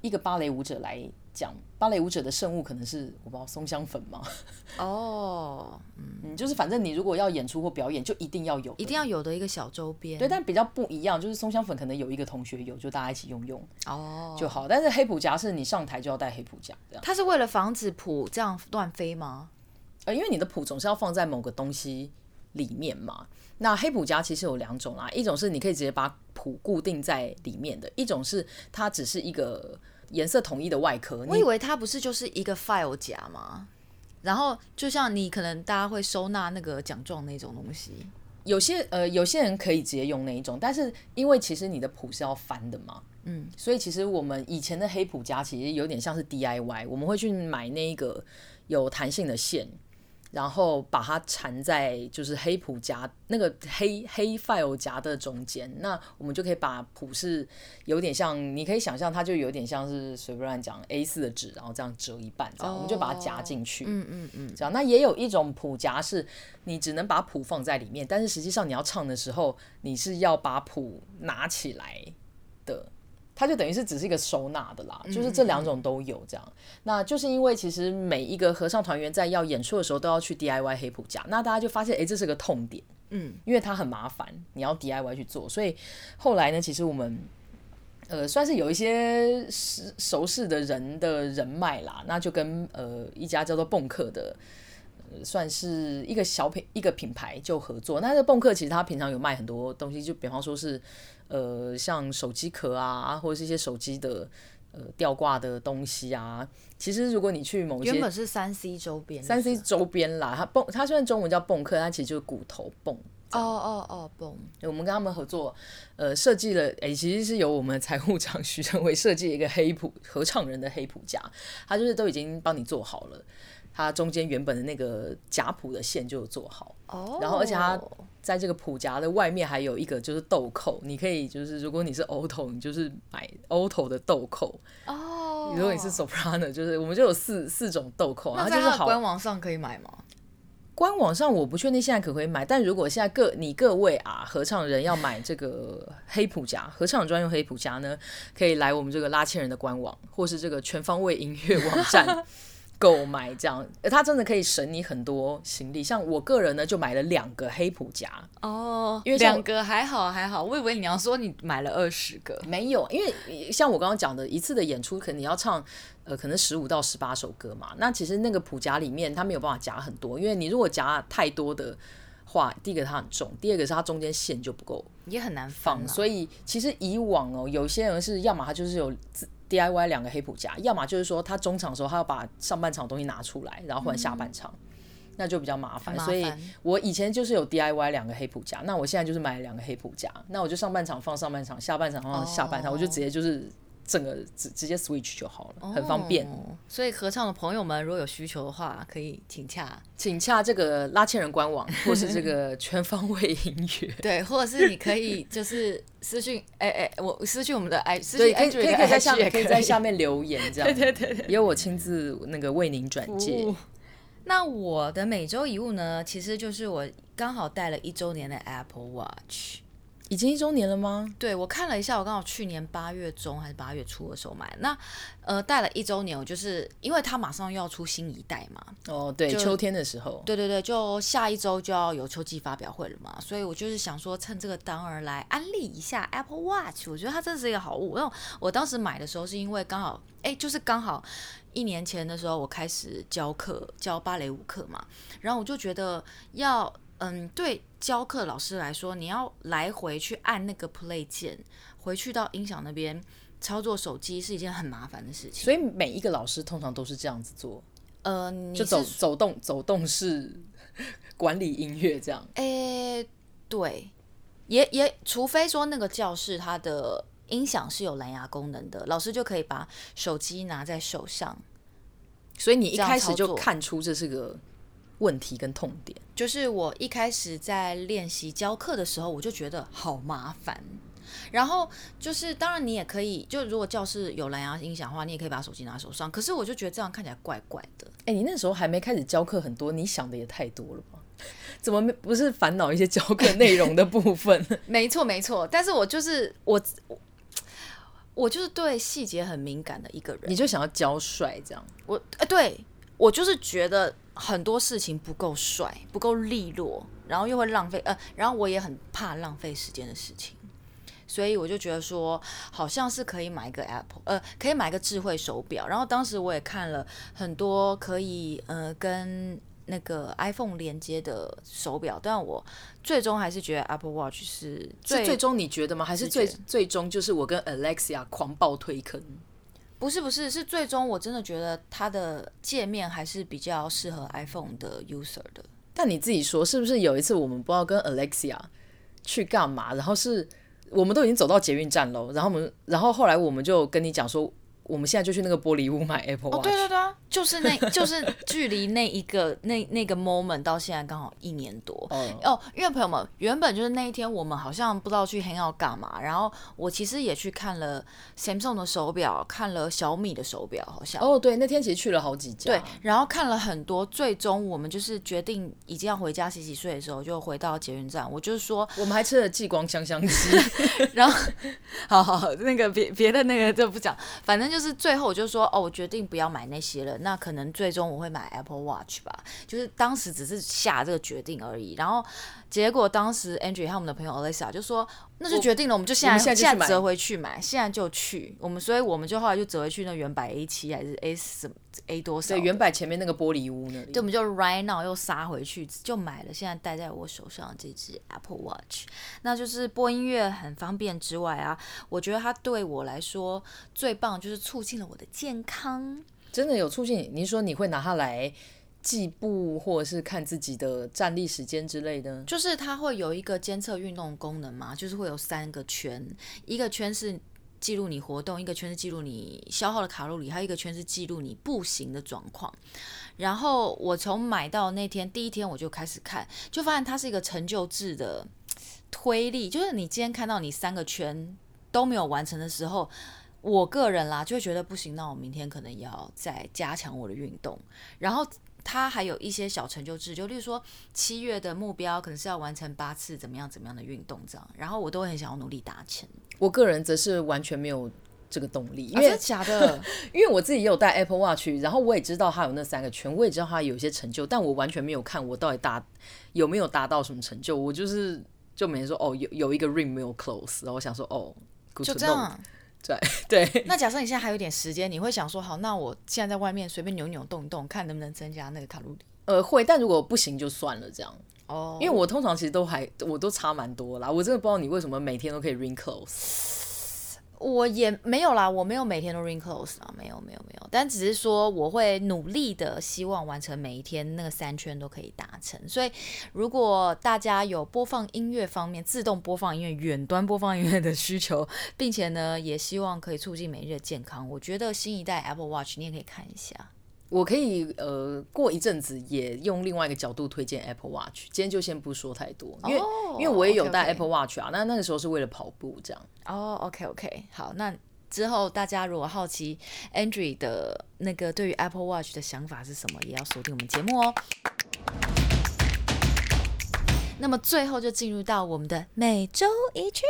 一個芭蕾舞者來講，芭蕾舞者的聖物可能是我不知道松香粉嗎？哦、oh, 嗯，就是反正你如果要演出或表演，就一定要有，一定要有的一個小周邊。對，但比較不一樣，就是松香粉可能有一個同學有，就大家一起用用哦就好。Oh, 但是黑譜夾是你上台就要帶黑譜夾，這樣。它是為了防止譜這樣亂飛嗎？呃，因為你的譜總是要放在某個東西裡面嘛。那黑譜夾其實有兩種啦，一種是你可以直接把譜固定在裡面的，一種是它只是一個顏色統一的外殼。我以為它不是就是一個 file 夾嗎？然後就像你可能大家會收納那個獎狀那種東西，嗯、有些呃有些人可以直接用那一種，但是因為其實你的譜是要翻的嘛，嗯，所以其實我們以前的黑譜夾其實有點像是 DIY，我們會去買那一個有彈性的線。然後把它纏在就是黑譜夾，那個黑黑 file 夾的中間，那我們就可以把譜是有點像，你可以想象它就有點像是隨便亂講 A 4的紙，然後這樣折一半這樣，哦、我們就把它夾進去。嗯嗯嗯，這樣。那也有一種譜夾是，你只能把譜放在裡面，但是實際上你要唱的時候，你是要把譜拿起來的。它就等於是只是一個收納的啦，就是這兩種都有這樣。嗯嗯，那就是因為其實每一個合唱團員在要演出的時候都要去 DIY 黑譜夾，那大家就發現，哎、欸，這是個痛點，嗯，因為它很麻煩，你要 DIY 去做，所以後來呢，其實我們呃算是有一些熟熟識的人的人脈啦，那就跟呃一家叫做蹦客的，呃，算是一個小品一個品牌就合作，那這個蹦客其實他平常有賣很多東西，就比方說是。呃，像手機殼啊，或者是一些手機的呃吊掛的東西啊。其實如果你去某一些是三 C 週邊，三 C 週邊啦，它蹦它雖然中文叫蹦客，它其實就是骨頭蹦。哦哦哦，蹦！我們跟他們合作，呃，設計了，哎、欸，其實是由我們財務長徐成偉設計一個黑譜合唱人的黑譜夾，他就是都已經幫你做好了。它中間原本的那個夾譜的線就做好、oh. 然後而且它在這個譜夾的外面還有一個就是豆蔻，你可以就是如果你是 alto 你就是買 alto 的豆蔻哦。Oh. 如果你是 soprano，就是我們就有四四種豆蔻。然、oh. 是好那在官網上可以買嗎？官網上我不確定現在可不可以買，但如果現在各你各位啊合唱人要買這個黑譜夾，合唱專用黑譜夾呢，可以來我們這個拉縴人的官網或是這個全方位音樂網站。 購買這樣，他它真的可以省你很多行李。像我個人呢，就買了兩個黑譜夾哦，oh, 因為兩個還好還好。我以為你要說你買了二十個，沒有，因為像我剛剛講的一次的演出，可能你要唱呃，可能十五到十八首歌嘛。那其實那個譜夾裡面它沒有辦法夾很多，因為你如果夾太多的話，第一個它很重，第二個是它中間線就不夠，也很難放，啊。所以其實以往哦，有些人是，要麼他就是有 DIY 兩個黑譜夾，要麼就是說他中場的時候，他要把上半場的東西拿出來，然後換下半場，嗯，那就比較麻煩。所以我以前就是有 DIY 兩個黑譜夾，那我現在就是買兩個黑譜夾，那我就上半場放上半場，下半場放下半場，我就直接就是。整個直直接 switch 就好了，oh, 很方便。所以合唱的朋友們，如果有需求的話，可以請洽請洽這個拉縴人官網，或是這個全方位音樂。 對，或者是你可以就是私訊哎哎，我私訊我們的哎私訊 IG 的也可以，可以在下面留言，這樣 對對對，由有我親自那個為您轉接、哦。那我的每週一物呢，其實就是我剛好帶了一周年的 Apple Watch。已經一周年了嗎？對，我看了一下，我剛好去年八月中還是八月初的時候買，那呃，帶了一周年，我就是因為它馬上又要出新一代嘛。哦，對，秋天的時候。對對對，就下一周就要有秋季發表會了嘛，所以我就是想說趁這個當兒來安利一下 Apple Watch，我覺得它真的是一個好物。然後我當時買的時候是因為剛好，哎，就是剛好一年前的時候我開始教課，教芭蕾舞課嘛，然後我就覺得要。嗯，對教課老師來說，你要來回去按那個 play 鍵，回去到音響那邊操作手機是一件很麻煩的事情。所以每一個老師通常都是這樣子做，呃，你就走走動走動式管理音樂這樣。誒、欸，對，也也，除非說那個教室它的音響是有藍牙功能的，老師就可以把手機拿在手上。所以你一開始就看出這是個問題跟痛點就是我一開始在練習教課的時候，我就覺得好麻煩。然後就是，當然你也可以，就如果教室有藍牙音響的話，你也可以把手機拿手上。可是我就覺得這樣看起來怪怪的。哎，你那時候還沒開始教課，很多你想的也太多了吧？怎麼沒不是煩惱一些教課內容的部分？ 沒錯沒錯，但是我就是我我就是對細節很敏感的一個人。你就想要教帥這樣？我哎，對我就是覺得。很多事情不夠帥，不夠利落，然後又會浪費呃，然後我也很怕浪費時間的事情，所以我就覺得說，好像是可以買一個 Apple，呃，可以買個智慧手錶。然後當時我也看了很多可以呃跟那個 iPhone 連接的手錶，但我最終還是覺得 Apple Watch 是最是最終你覺得嗎？還是最是最終就是我跟 Alexia 狂暴推坑？不是不是，是最終我真的覺得它的界面還是比較適合 iPhone 的 user 的。但你自己說，是不是有一次我們不知道跟 Alexia 去幹嘛，然後是我們都已經走到捷運站囉，然後我們，然後後來我們就跟你講說。我們現在就去那個玻璃屋買 Apple Watch 哦對對對、啊，就是那，就是距離那一個 那那個 moment 到現在剛好一年多哦。Oh, 因為朋友們原本就是那一天，我們好像不知道去 hang out 幹嘛。然後我其實也去看了 Samsung 的手錶，看了小米的手錶，好像哦。Oh, 對，那天其實去了好幾家。對，然後看了很多，最終我們就是決定已經要回家洗洗睡的時候，就回到捷運站。我就是說，我們還吃了繼光香香雞。 然後，好好好，那個別別的那個就不講，反正就是。就是最後我就說哦，我決定不要買那些了。那可能最終我會買 Apple Watch 吧。就是當時只是下這個決定而已。然後。結果當時 Andree 和我們的朋友 Alyssa 就說，那就決定了，我們就現在現在,就現在折回去買，現在就去。我們所以我們就後來就折回去那原版 A 七還是 A 什麼 A 多少對，原版前面那個玻璃屋呢？對我們就 right now 又殺回去，就買了。現在戴在我手上的這只 Apple Watch，那就是播音樂很方便之外啊，我覺得它對我來說最棒就是促進了我的健康。真的有促進？您說你會拿它來？計步或者是看自己的站立時間之類的，就是它會有一個監測運動功能嘛，就是會有三個圈，一個圈是記錄你活動，一個圈是記錄你消耗的卡路里，還有一個圈是記錄你步行的狀況。然後我從買到那天第一天我就開始看，就發現它是一個成就制的推力，就是你今天看到你三個圈都沒有完成的時候，我個人啦就會覺得不行，那我明天可能要再加強我的運動，然後。他還有一些小成就制，就例如說七月的目標可能是要完成八次怎麼樣怎麼樣的運動這樣，然後我都很想要努力達成。我個人則是完全沒有這個動力，因為、啊、假的， 因為我自己也有帶 Apple Watch 去，然後我也知道他有那三個圈，我也知道他有一些成就，但我完全沒有看我到底達有沒有達到什麼成就，我就是就沒說哦，有有一個 ring 沒有 close，然後我想說哦，Good，就這樣。No. 對，對，那假設你現在還有點時間，你會想說好，那我現在在外面隨便扭扭動一動，看能不能增加那個卡路里。呃，會，但如果不行就算了這樣。哦、oh.，因為我通常其實都還，我都差蠻多啦。我真的不知道你為什麼每天都可以 ring close。我也沒有啦，我沒有每天都 ring close 啊，沒有沒有沒有，但只是說我會努力的，希望完成每一天那個三圈都可以達成。所以，如果大家有播放音樂方面、自動播放音樂、遠端播放音樂的需求，並且呢，也希望可以促進每日的健康，我覺得新一代 Apple Watch 你也可以看一下。我可以呃過一陣子也用另外一個角度推薦 Apple Watch，今天就先不說太多，因為、oh, 因為我也有戴 Apple Watch 啊，oh, okay, okay. 那那個時候是為了跑步這樣。哦、oh，OK OK，好，那之後大家如果好奇 Andree 的那個對於 Apple Watch 的想法是什麼，也要鎖定我們節目哦、喔。 那麼最後就進入到我們的每周一句。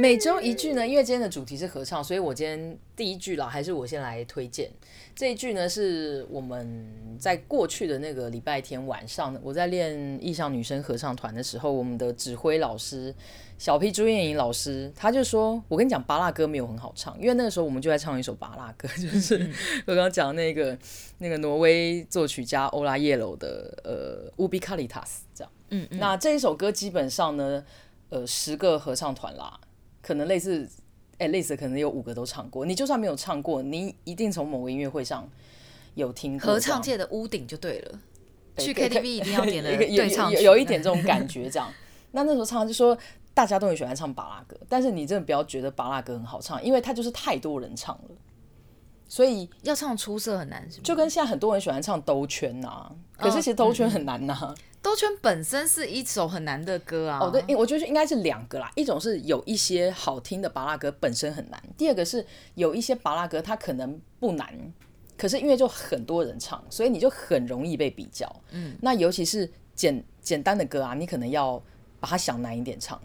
每周一句呢，因為今天的主題是合唱，所以我今天第一句了還是我先來推薦。這一句呢，是我們在過去的那個禮拜天晚上，我在練藝象女聲合唱團的時候，我們的指揮老師小 P 朱艷穎老師，他就說，我跟你講，芭樂歌沒有很好唱，因為那個時候我們就在唱一首芭樂歌，就是我剛剛講那個那個挪威作曲家歐拉耶魯的呃烏比卡利塔斯這樣，嗯，那這一首歌基本上呢，呃，十個合唱團啦，可能類似。哎，類似可能有五個都唱過。你就算沒有唱過，你一定從某個音樂會上有聽過。合唱界的屋頂就對了，對對對。去 KTV 一定要點的，唱 有有，有，有一點這種感覺這樣。那 那時候唱，就說，大家都很喜歡唱芭樂歌，但是你真的不要覺得芭樂歌很好唱，因為它就是太多人唱了。所以要唱出色很難，是嗎？就跟現在很多人喜歡唱兜圈吶、啊，可是其實兜圈很難吶。Oh, 嗯兜圈本身是一首很難的歌啊、oh！對，我覺得應該是兩個啦，一種是有一些好聽的芭樂歌本身很難，第二個是有一些芭樂歌它可能不難，可是因為就很多人唱，所以你就很容易被比較。嗯，那尤其是簡簡單的歌啊，你可能要把它想難一點唱；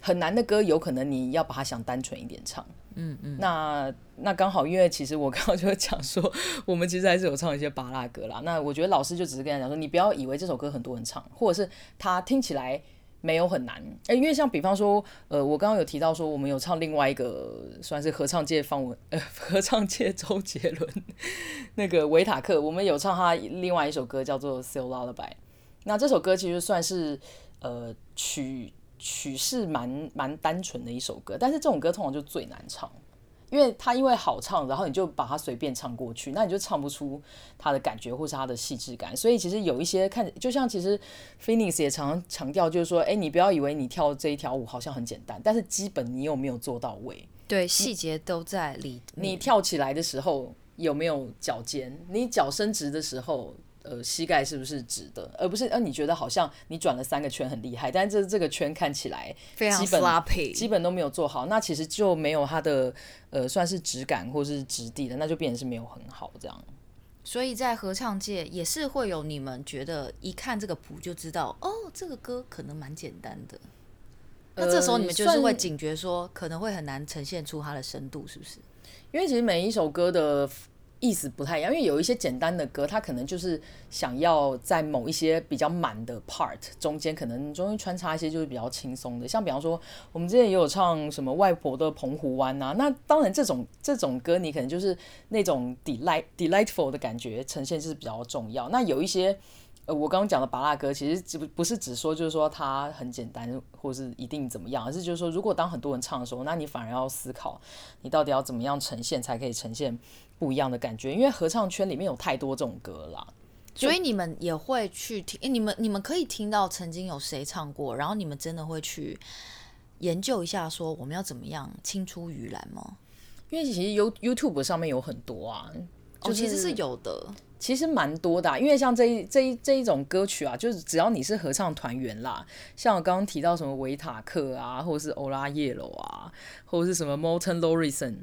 很難的歌，有可能你要把它想單純一點唱。嗯嗯那，那那剛好，因為其實我剛剛就會講說，我們其實還是有唱一些芭樂歌啦。那我覺得老師就只是跟他講說，你不要以為這首歌很多人唱，或者是他聽起來沒有很難。哎、欸，因為像比方說，呃，我剛剛有提到說，我們有唱另外一個算是合唱界方文，呃，合唱界周杰倫那個維塔克，我們有唱他另外一首歌叫做《Seal Lullaby》，那這首歌其實算是呃曲。曲是蠻蠻單純的一首歌，但是這種歌通常就最難唱，因為它，因為好唱，然後你就把它隨便唱過去，那你就唱不出它的感覺或是它的細緻感。所以其實有一些看，就像其實 Phoenix 也常常強調，就是說，哎，你不要以為你跳這一條舞好像很簡單，但是基本你有沒有做到位？對，細節都在裡。你跳起來的時候有沒有腳尖？你腳伸直的時候？呃，膝蓋是不是直的？而不是，呃，你覺得好像你轉了三個圈很厲害，但是這這個圈看起來基本非常 s l p p y 基本都沒有做好。那其實就沒有它的呃，算是質感或是質地的，那就變成是沒有很好這樣。所以在合唱界也是會有你們覺得一看這個譜就知道，哦，這個歌可能蠻簡單的。那這時候你們就是會警覺說，可能會很難呈現出它的深度，是不是，呃？因為其實每一首歌的。意思不太一樣，因為有一些簡單的歌，它可能就是想要在某一些比較滿的 part 中間，可能中間穿插一些就是比較輕鬆的，像比方說我們之前也有唱什麼外婆的澎湖灣吶、啊，那當然這種這種歌你可能就是那種 delight delightful 的感覺呈現就是比較重要，那有一些。呃，我剛剛講的芭樂歌其實不不是只說就是說它很簡單，或是一定怎麼樣，而是就是說，如果當很多人唱的時候，那你反而要思考，你到底要怎麼樣呈現才可以呈現不一樣的感覺，因為合唱圈裡面有太多這種歌了。所以你們也會去聽，你們你們可以聽到曾經有誰唱過，然後你們真的會去研究一下，說我們要怎麼樣青出於藍嗎？因為其實 You YouTube 上面有很多啊，就是、其實是有的。其實蠻多的啊，因為像這一這一這一種歌曲啊，就是只要你是合唱團員啦，像我剛剛提到什麼維塔克啊，或者是歐拉耶羅啊，或者是什麼 Morten Lauridsen，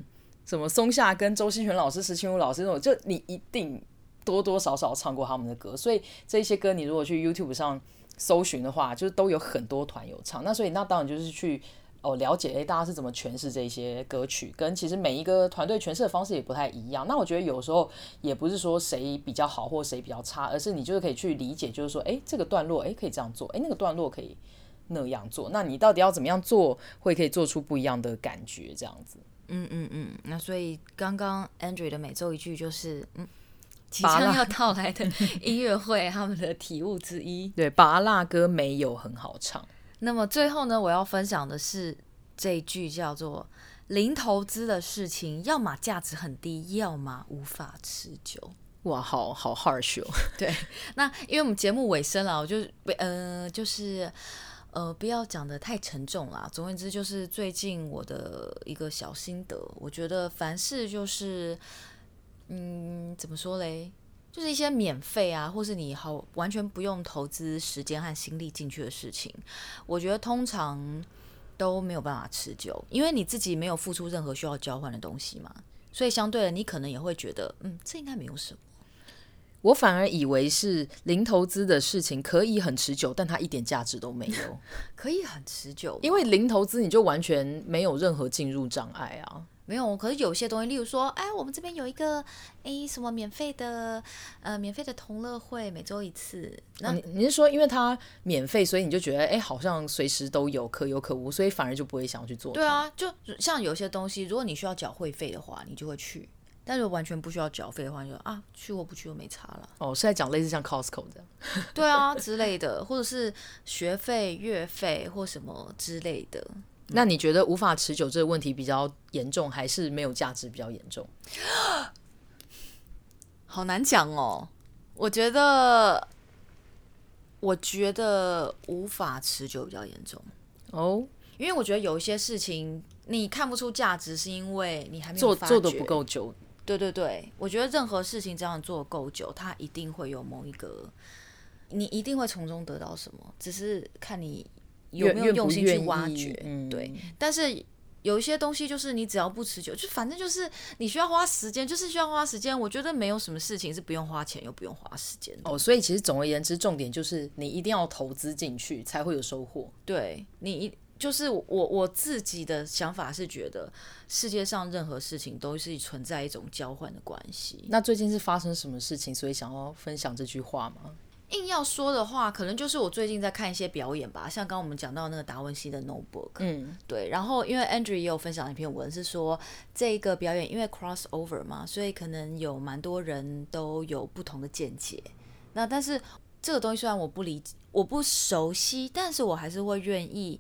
什麼松下耕、周鑫泉老師、石青如老師那種，就你一定多多少少唱過他們的歌，所以這些歌你如果去 YouTube 上搜尋的話，就是都有很多團友唱，那所以那當然就是去。哦，了解。哎、欸，大家是怎麼詮釋這些歌曲，跟其實每一個團隊詮釋的方式也不太一樣。那我覺得有時候也不是說誰比較好或誰比較差，而是你就是可以去理解，就是說，哎、欸，這個段落，哎、欸，可以這樣做，哎、欸，那個段落可以那樣做。那你到底要怎麼樣做，會可以做出不一樣的感覺，這樣子。嗯嗯嗯。那所以剛剛 Andree 的每週一句就是，嗯，即將要到來的音樂會他們的體悟之一。 對，芭樂歌沒有很好唱。那麼最後呢，我要分享的是這一句叫做“零投資的事情，要嘛價值很低，要嘛無法持久。”哇，好好 harsh 哦。對，那因為我們節目尾聲了，我就嗯、呃，就是，呃，不要講得太沉重啦。總而言之，就是最近我的一個小心得，我覺得凡事就是，嗯，怎麼說嘞？就是一些免費啊，或是你好完全不用投資時間和心力進去的事情，我覺得通常都沒有辦法持久，因為你自己沒有付出任何需要交換的東西嘛，所以相對的，你可能也會覺得，嗯，這應該沒有什麼。我反而以為是零投資的事情可以很持久，但它一點價值都沒有， 可以很持久，因為零投資你就完全沒有任何進入障礙啊。沒有，可是有些東西，例如說，哎、欸，我們這邊有一個，哎、欸，什麼免費的，呃，免費的同樂會，每周一次。那、啊、你是說，因為它免費，所以你就覺得，哎、欸，好像隨時都有，可有可無，所以反而就不會想要去做。對啊，就像有些東西，如果你需要繳會費的話，你就會去；但是完全不需要繳費的話，你就說啊，去或不去又沒差了。哦，是在講類似像 Costco 這樣？ 對啊，之類的，或者是學費、月費或什麼之類的。那你覺得無法持久這個問題比較嚴重，還是沒有價值比較嚴重？ 好難講哦。我覺得，我覺得無法持久比較嚴重哦，因為我覺得有一些事情你看不出價值，是因為你還沒有做做的，不夠久。對對對，我覺得任何事情這樣做夠久，它一定會有某一個，你一定會從中得到什麼，只是看你。有沒有用心去挖掘？願不願意，對、嗯，但是有一些東西就是你只要不持久，就反正就是你需要花時間，就是需要花時間。我覺得沒有什麼事情是不用花錢又不用花時間的哦。所以其實總而言之，重點就是你一定要投資進去才會有收穫。對你，就是我我自己的想法是覺得世界上任何事情都是存在一種交換的關係。那最近是發生什麼事情，所以想要分享這句話嗎？硬要說的話，可能就是我最近在看一些表演吧，像剛剛我們講到那個達文西的 Notebook，嗯，對。然後因為 Andree 也有分享的一篇文，是說這個表演因為 crossover 嘛，所以可能有蠻多人都有不同的見解。那但是這個東西雖然我不理，我不熟悉，但是我還是會願意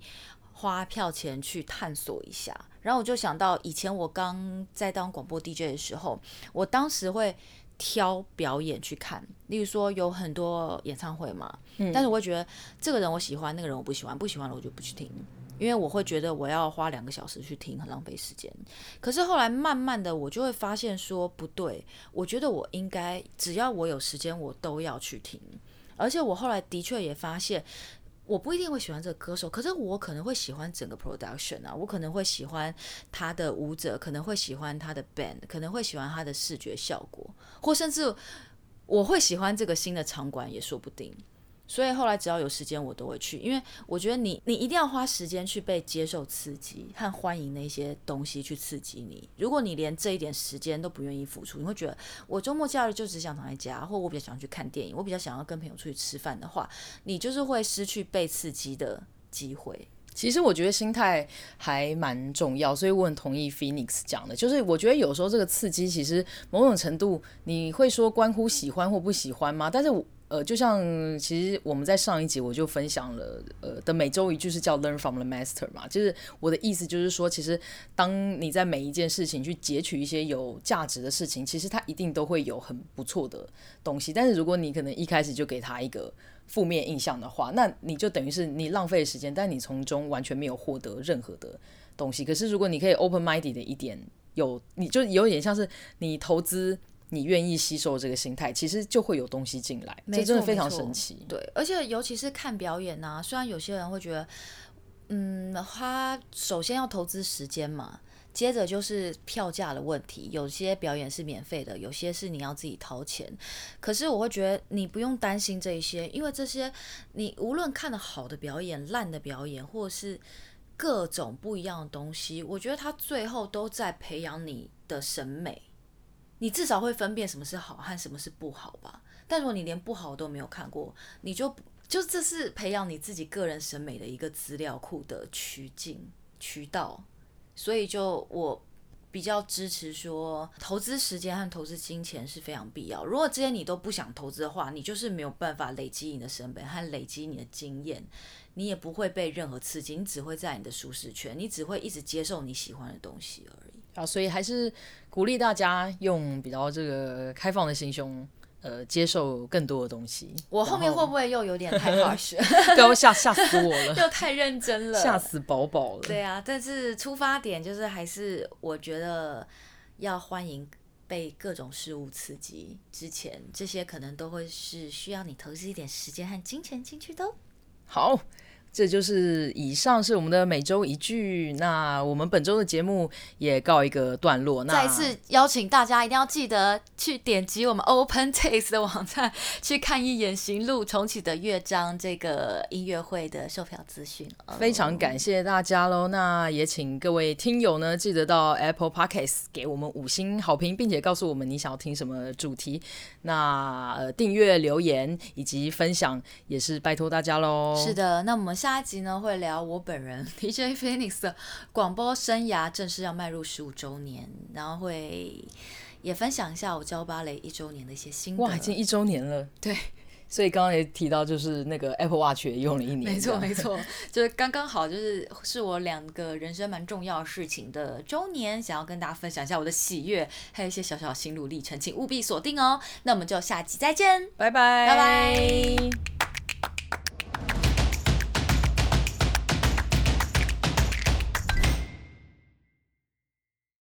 花票錢去探索一下。然後我就想到以前我剛在當廣播 DJ 的時候，我當時會。挑表演去看，例如說有很多演唱會嘛。嗯，但是我會覺得這個人我喜歡，那個人我不喜歡，不喜歡了我就不去聽，因為我會覺得我要花兩個小時去聽，很浪費時間。可是後來慢慢的，我就會發現說不對，我覺得我應該只要我有時間，我都要去聽，而且我後來的確也發現。我不一定會喜歡這個歌手，可是我可能會喜歡整個 production 啊，我可能會喜歡他的舞者，可能會喜歡他的 band，可能會喜歡他的視覺效果，或甚至我會喜歡這個新的場館也說不定。所以後來只要有時間，我都會去，因為我覺得你你一定要花時間去被接受刺激和歡迎的一些東西去刺激你。如果你連這一點時間都不願意付出，你會覺得我周末假日就只想躺在家，或我比較想去看電影，我比較想要跟朋友出去吃飯的話，你就是會失去被刺激的機會。其實我覺得心態還蠻重要，所以我很同意 Phoenix 講的，就是我覺得有時候這個刺激其實某種程度你會說關乎喜歡或不喜歡嗎？但是我。呃，就像其實我們在上一集我就分享了，呃的每週一句是叫 learn from the master 嘛，就是我的意思就是說，其實當你在每一件事情去截取一些有價值的事情，其實它一定都會有很不錯的東西。但是如果你可能一開始就給它一個負面印象的話，那你就等於是你浪費時間，但你從中完全沒有獲得任何的東西。可是如果你可以 open minded 的一點，有你就有點像是你投資。你願意吸收這個心態，其實就會有東西進來。沒錯，這真的非常神奇。對，而且尤其是看表演啊，雖然有些人會覺得，嗯，花首先要投資時間嘛，接着就是票價的問題，有些表演是免費的，有些是你要自己掏錢。可是我會覺得你不用擔心這一些，因為這些你無論看的好的表演、爛的表演，或是各種不一樣的東西，我覺得它最後都在培養你的審美。你至少會分辨什麼是好和什麼是不好吧？但如果你連不好都沒有看過，你就就是這是培養你自己個人審美的一個資料庫的取徑渠道。所以就我比較支持說，投資時間和投資金錢是非常必要。如果這些你都不想投資的話，你就是沒有辦法累積你的審美和累積你的經驗，你也不會被任何刺激，你只會在你的舒適圈，你只會一直接受你喜歡的東西而已。啊，所以還是鼓勵大家用比較這個開放的心胸，呃，接受更多的東西。我後面會不會又有點太好學？都嚇嚇死我了！ 又太認真了，嚇死寶寶了。對啊，但是出發點就是，還是我覺得要歡迎被各種事物刺激。之前這些可能都會是需要你投資一點時間和金錢進去的哦。好。這就是以上是我們的每周一句。那我們本週的節目也告一個段落。那再次邀請大家一定要記得去點擊我們 Open Taste 的網站去看一眼《行路～重啟的樂章》這個音樂會的售票資訊。非常感謝大家嘍！那也請各位聽友呢，記得到 Apple Podcasts 給我們五星好評，並且告訴我們你想要聽什麼主題。那、呃、訂閱、留言以及分享也是拜托大家嘍。是的，那我們。下一集呢，會聊我本人 DJ Phoenix 的廣播生涯正式要邁入十五周年，然後會也分享一下我教芭蕾一周年的一些心得。哇，已經一周年了，對，所以剛剛也提到就是那個 Apple Watch 也用了一年，沒錯沒錯，就是剛剛好就是是我兩個人生蠻重要事情的周年，想要跟大家分享一下我的喜悅，還有一些小小的心路歷程，請務必鎖定哦。那我們就下集再見，拜拜，拜拜。